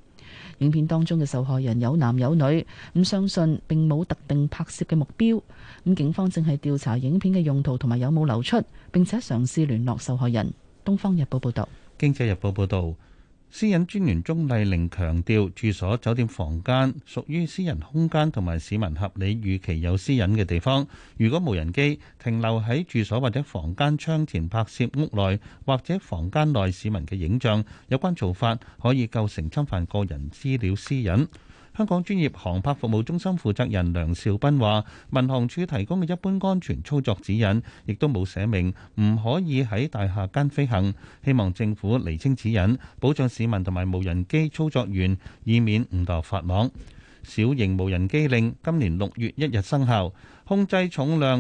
影片當中嘅受害人有男有女，咁相信並冇特定拍攝嘅目標。咁警方正係調查影片嘅用途同埋有冇流出，並且嘗試聯絡受害人。東方日報報道，經濟日報報道，私隱專員鍾麗玲強調，住所、酒店房間屬於私人空間同埋市民合理預期有私隱嘅地方。如果無人機停留喺住所或者房間窗前拍攝屋內或者房間內市民嘅影像，有關做法可以構成侵犯個人資料私隱。香港專業航拍服務中心負責人梁兆斌話：民航處提供嘅一般安全操作指引，亦都冇寫明唔可以喺大廈間飛行。希望政府釐清指引，保障市民同埋無人機操作員，以免誤墮法網。小型無人機令今年六月一日生效，控制重量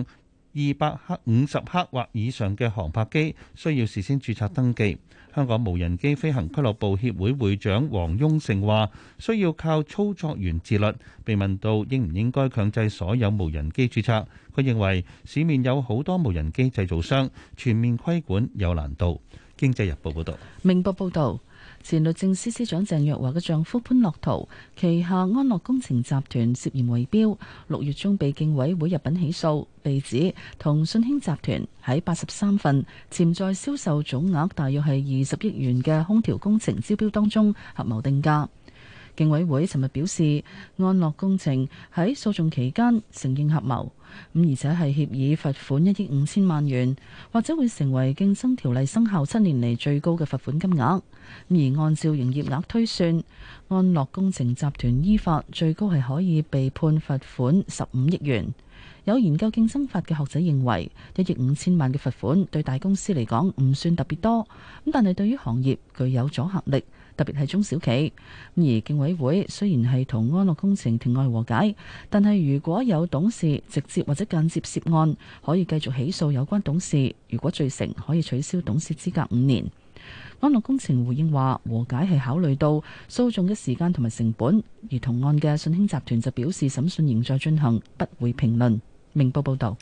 二百五十克或以上嘅航拍機，需要事先註冊登記。香港無人機飛行俱樂部協會會長黃雍盛話：需要靠操作員自律。被問到應唔應該強制所有無人機註冊？佢認為市面有好多無人機製造商，全面規管有難度。經濟日報報道，明報報道，前律政司司長鄭若驊嘅丈夫潘樂圖旗下安樂工程集團涉嫌圍標，六月中被競委會入禀起訴，被指同信興集團喺八十三份潛在銷售總額大約係二十億元嘅空調工程招標當中合謀定價。競委會尋日表示，安樂工程喺訴訟期間承認合謀，咁而且係協議罰款一億五千萬元，或者會成為競爭條例生效七年嚟，最高嘅罰款金額。而按照營業額推算，安樂工程集團依法最高係可以被判罰款十五億元。有研究競爭法嘅學者認為，一億五千萬嘅罰款對大公司嚟講唔算特別多，咁但係對於行業具有阻嚇力。特別係中小企，而競委會雖然係同安樂工程庭外和解，但係如果有董事直接或者間接涉案，可以繼續起訴有關董事。如果罪成，可以取消董事資格五年。安樂工程回應話：和解係考慮到訴訟嘅時間同埋成本，而同案嘅信興集團就表示審訊仍在進行，不會評論。明報報道。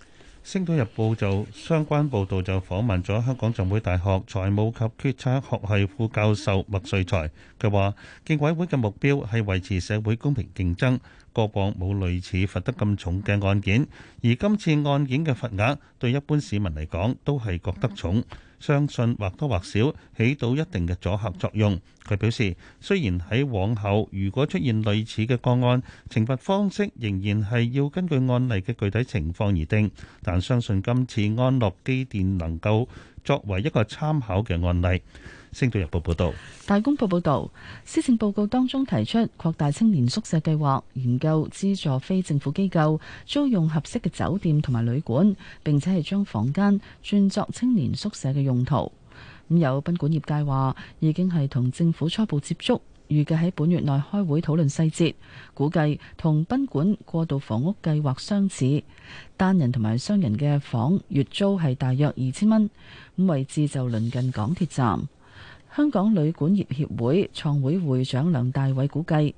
《星島日報》就相關報導就訪問咗香港浸會大學財務及決策學系副教授麥瑞才，佢話：競委會嘅目標係維持社會公平競爭，過往冇類似罰得咁重嘅案件，而今次案件嘅罰額對一般市民嚟講都係覺得重。相信或多或少起到一定嘅阻嚇作用。佢表示，雖然喺往後如果出現類似嘅個案，懲罰方式仍然係要根據案例嘅具體情況而定，但相信今次安樂機電能夠作為一個參考嘅案例。《星島日報》報道，《大公報》報道，施政報告當中提出擴大青年宿舍計劃，研究資助非政府機構租用合適嘅酒店同埋旅館，並且係將房間轉作青年宿舍嘅用途。咁有賓館業界話，已經係同政府初步接觸，預計喺本月內開會討論細節，估計同賓館過渡房屋計劃相似。單人同埋雙人嘅房月租係大約二千蚊，咁位置就鄰近港鐵站。香港旅館業協會創會會長梁大偉估計，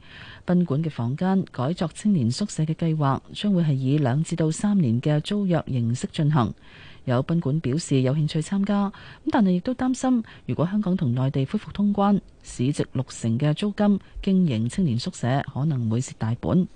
賓館嘅房間改作青年宿舍嘅計劃將會係以兩至到三年嘅租約形式進行。有賓館表示有興趣參加，咁但係亦都擔心，如果香港同內地恢復通關，市值六成嘅租金經營青年宿舍可能會蝕大本。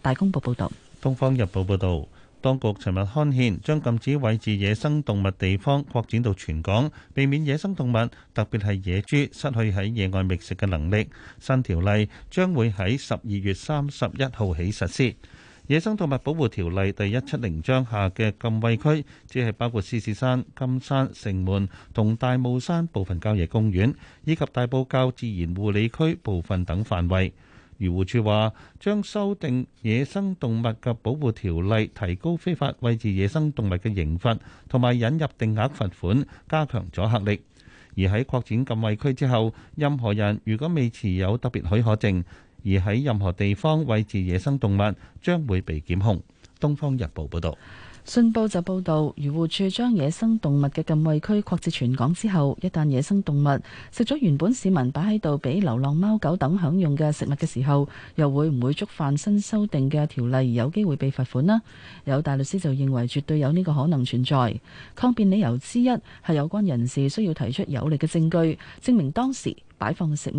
大公報報道。東方日報報道。當局尋日刊憲，將禁止餵食野生動物地方擴展到全港，避免野生動物特別係野豬失去喺野外覓食嘅能力。新條例將會喺十二月三十一號起實施。野生動物保護條例第一七零章下嘅禁餵區，只係包括獅子山、金山、城門同大帽山部分郊野公園，以及大埔滘自然護理區部分等範圍。漁護署話將修訂野生動物嘅保護條例，提高非法餵飼野生動物嘅刑罰，同埋引入定額罰款，加強阻嚇力。而喺擴展禁餵區之後，任何人如果未持有特別許可證，而喺任何地方餵飼野生動物，將會被檢控。《東方日報》報道。信報就報道，漁護署將野生動物嘅禁餵區擴至全港之後，一旦野生動物食咗原本市民擺喺度俾流浪貓狗等享用嘅食物嘅時候，又會唔會觸犯新修訂嘅條例，有機會被罰款呢？有大律師就認為絕對有呢個可能存在。抗辯理由之一係有關人士需要提出有力嘅證據，證明當時擺放嘅食物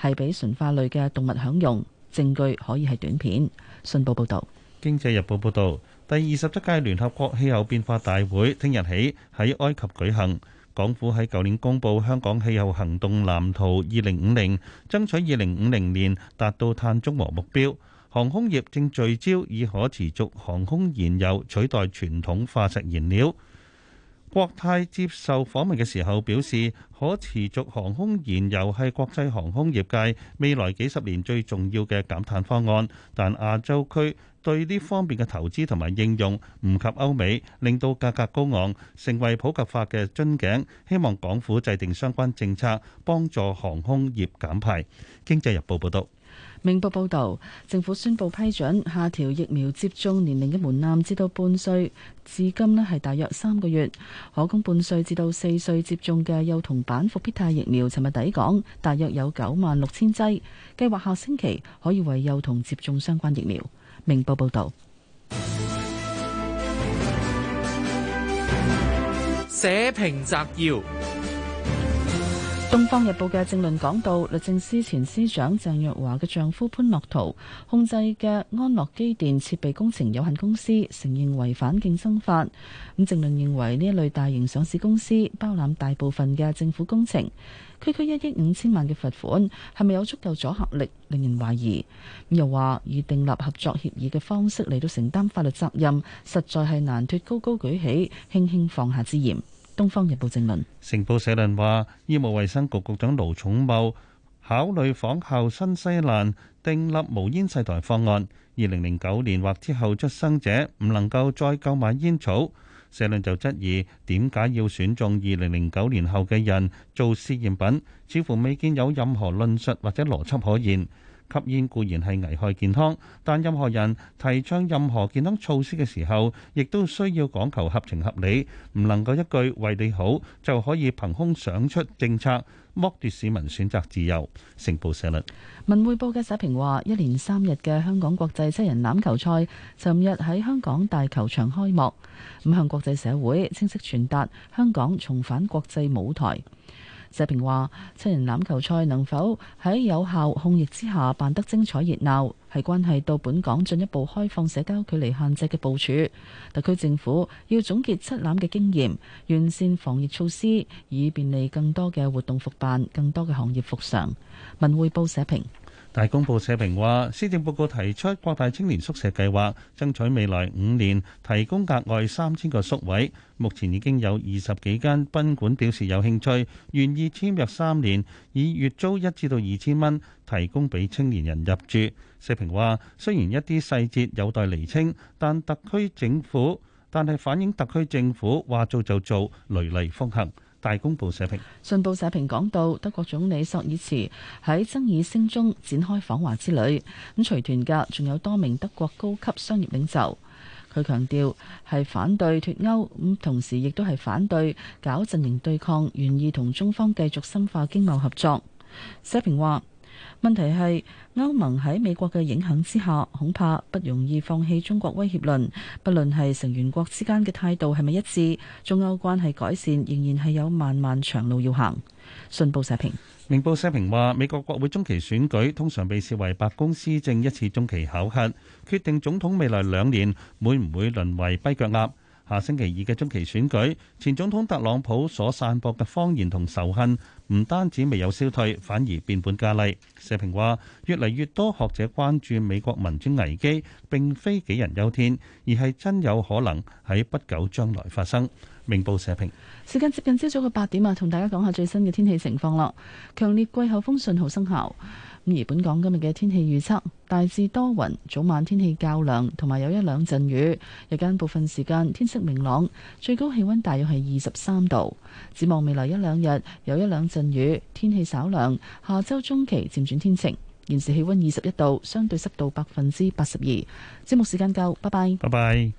係俾馴化類嘅動物享用。證據可以係短片。信報報道，經濟日報報道。第二十七屆聯合國氣候變化大會聽日起喺埃及舉行。港府喺舊年公布香港氣候行動藍圖二零五零，爭取二零五零年達到碳中和目標。航空業正聚焦以可持續航空燃油取代傳統化石燃料。國泰接受訪問嘅時候表示，可持續航空燃油係國際航空業界未來幾十年最重要嘅減碳方案，但亞洲區對呢方面嘅投資同埋應用唔及歐美，令到價格高昂，成為普及化嘅樽頸。希望港府制定相關政策，幫助航空業減排。經濟日報報道。明報報道，政府宣佈批准下調疫苗接種年齡嘅門檻至到半歲，至今呢係大約三個月。可供半歲至到四歲接種嘅幼童版復必泰疫苗，尋日抵港，大約有九萬六千劑，計劃下星期可以為幼童接種相關疫苗。明報報道。社評摘要。《東方日報》嘅政論講到律政司前司長鄭若驊嘅丈夫潘樂陶控制嘅安樂機電設備工程有限公司承認違反競爭法。咁政論認為呢一類大型上市公司包攬大部分嘅政府工程，區區一億五千萬嘅罰款係咪有足夠阻嚇力，令人懷疑。又話以訂立合作協議嘅方式嚟到承擔法律責任，實在係難脱高高舉起、輕輕放下之嫌。《東方日報》正論。成報社論話，醫務衛生局局長盧寵茂考慮仿效新西蘭訂立無煙世代方案，二零零九年或之後出生者唔能夠再購買煙草。社論就質疑，點解要選中二零零九年後嘅人做試驗品？似乎未見有任何論述或者邏輯可言。吸煙固然係危害健康，但任何人提倡任何健康措施嘅時候，亦都需要講求合情合理，唔能夠一句為你好就可以憑空想出政策，剝奪市民選擇自由。成報社論，文匯報嘅社評話：一連三日嘅香港國際七人欖球賽，尋日喺香港大球場開幕，咁向國際社會清晰傳達香港重返國際舞台。社評話：七人欖球賽能否喺有效控疫之下辦得精彩熱鬧，係關係到本港進一步開放社交距離限制嘅部署。特區政府要總結七欖嘅經驗，完善防疫措施，以便利更多嘅活動復辦，更多嘅行業復常。文匯報社評。大公報社評話，施政報告提出擴大青年宿舍計劃，爭取未來五年提供額外三千個宿位。目前已經有二十幾間賓館表示有興趣，願意簽約三年，以月租一至到二千蚊提供俾青年人入住。社評話，雖然一啲細節有待厘清，但特區政府但係反映特區政府話做就做，雷厲風行。大公報社評，信報社評講到，德國總理朔爾茨喺爭議聲中展開訪華之旅，咁隨團嘅仲有多名德國高級商業領袖。佢強調係反對脫歐，咁同時亦都係反對搞陣營對抗，願意同中方繼續深化經貿合作。社評話。問題係歐盟喺美國嘅影響之下，恐怕不容易放棄中國威脅論。不論係成員國之間嘅態度係咪一致，中歐關係改善仍然係有漫漫長路要行。信報社評，明報社評話，美國國會中期選舉通常被視為白宮施政一次中期考核，決定總統未來兩年會唔會淪為跛腳鴨。下星期二嘅中期選舉，前總統特朗普所散播嘅謊言同仇恨，唔單止未有消退，反而變本加厲。社評話，越嚟越多學者關注美國民主危機，並非杞人憂天，而係真有可能喺不久將來發生。明報社評。時間接近朝早嘅八點啊，同大家講下最新嘅天氣情況啦。強烈季候風信號生效。咁而本港今日嘅天氣預測大致多雲，早晚天氣較涼，同埋有一兩陣雨。日間部分時間天色明朗，最高氣溫大約係二十三度。展望未來一兩日有一兩陣雨，天氣稍涼。下周中期漸轉天晴。現時氣溫二十一度，相對濕度百分之八十二。節目時間夠，拜拜。拜拜。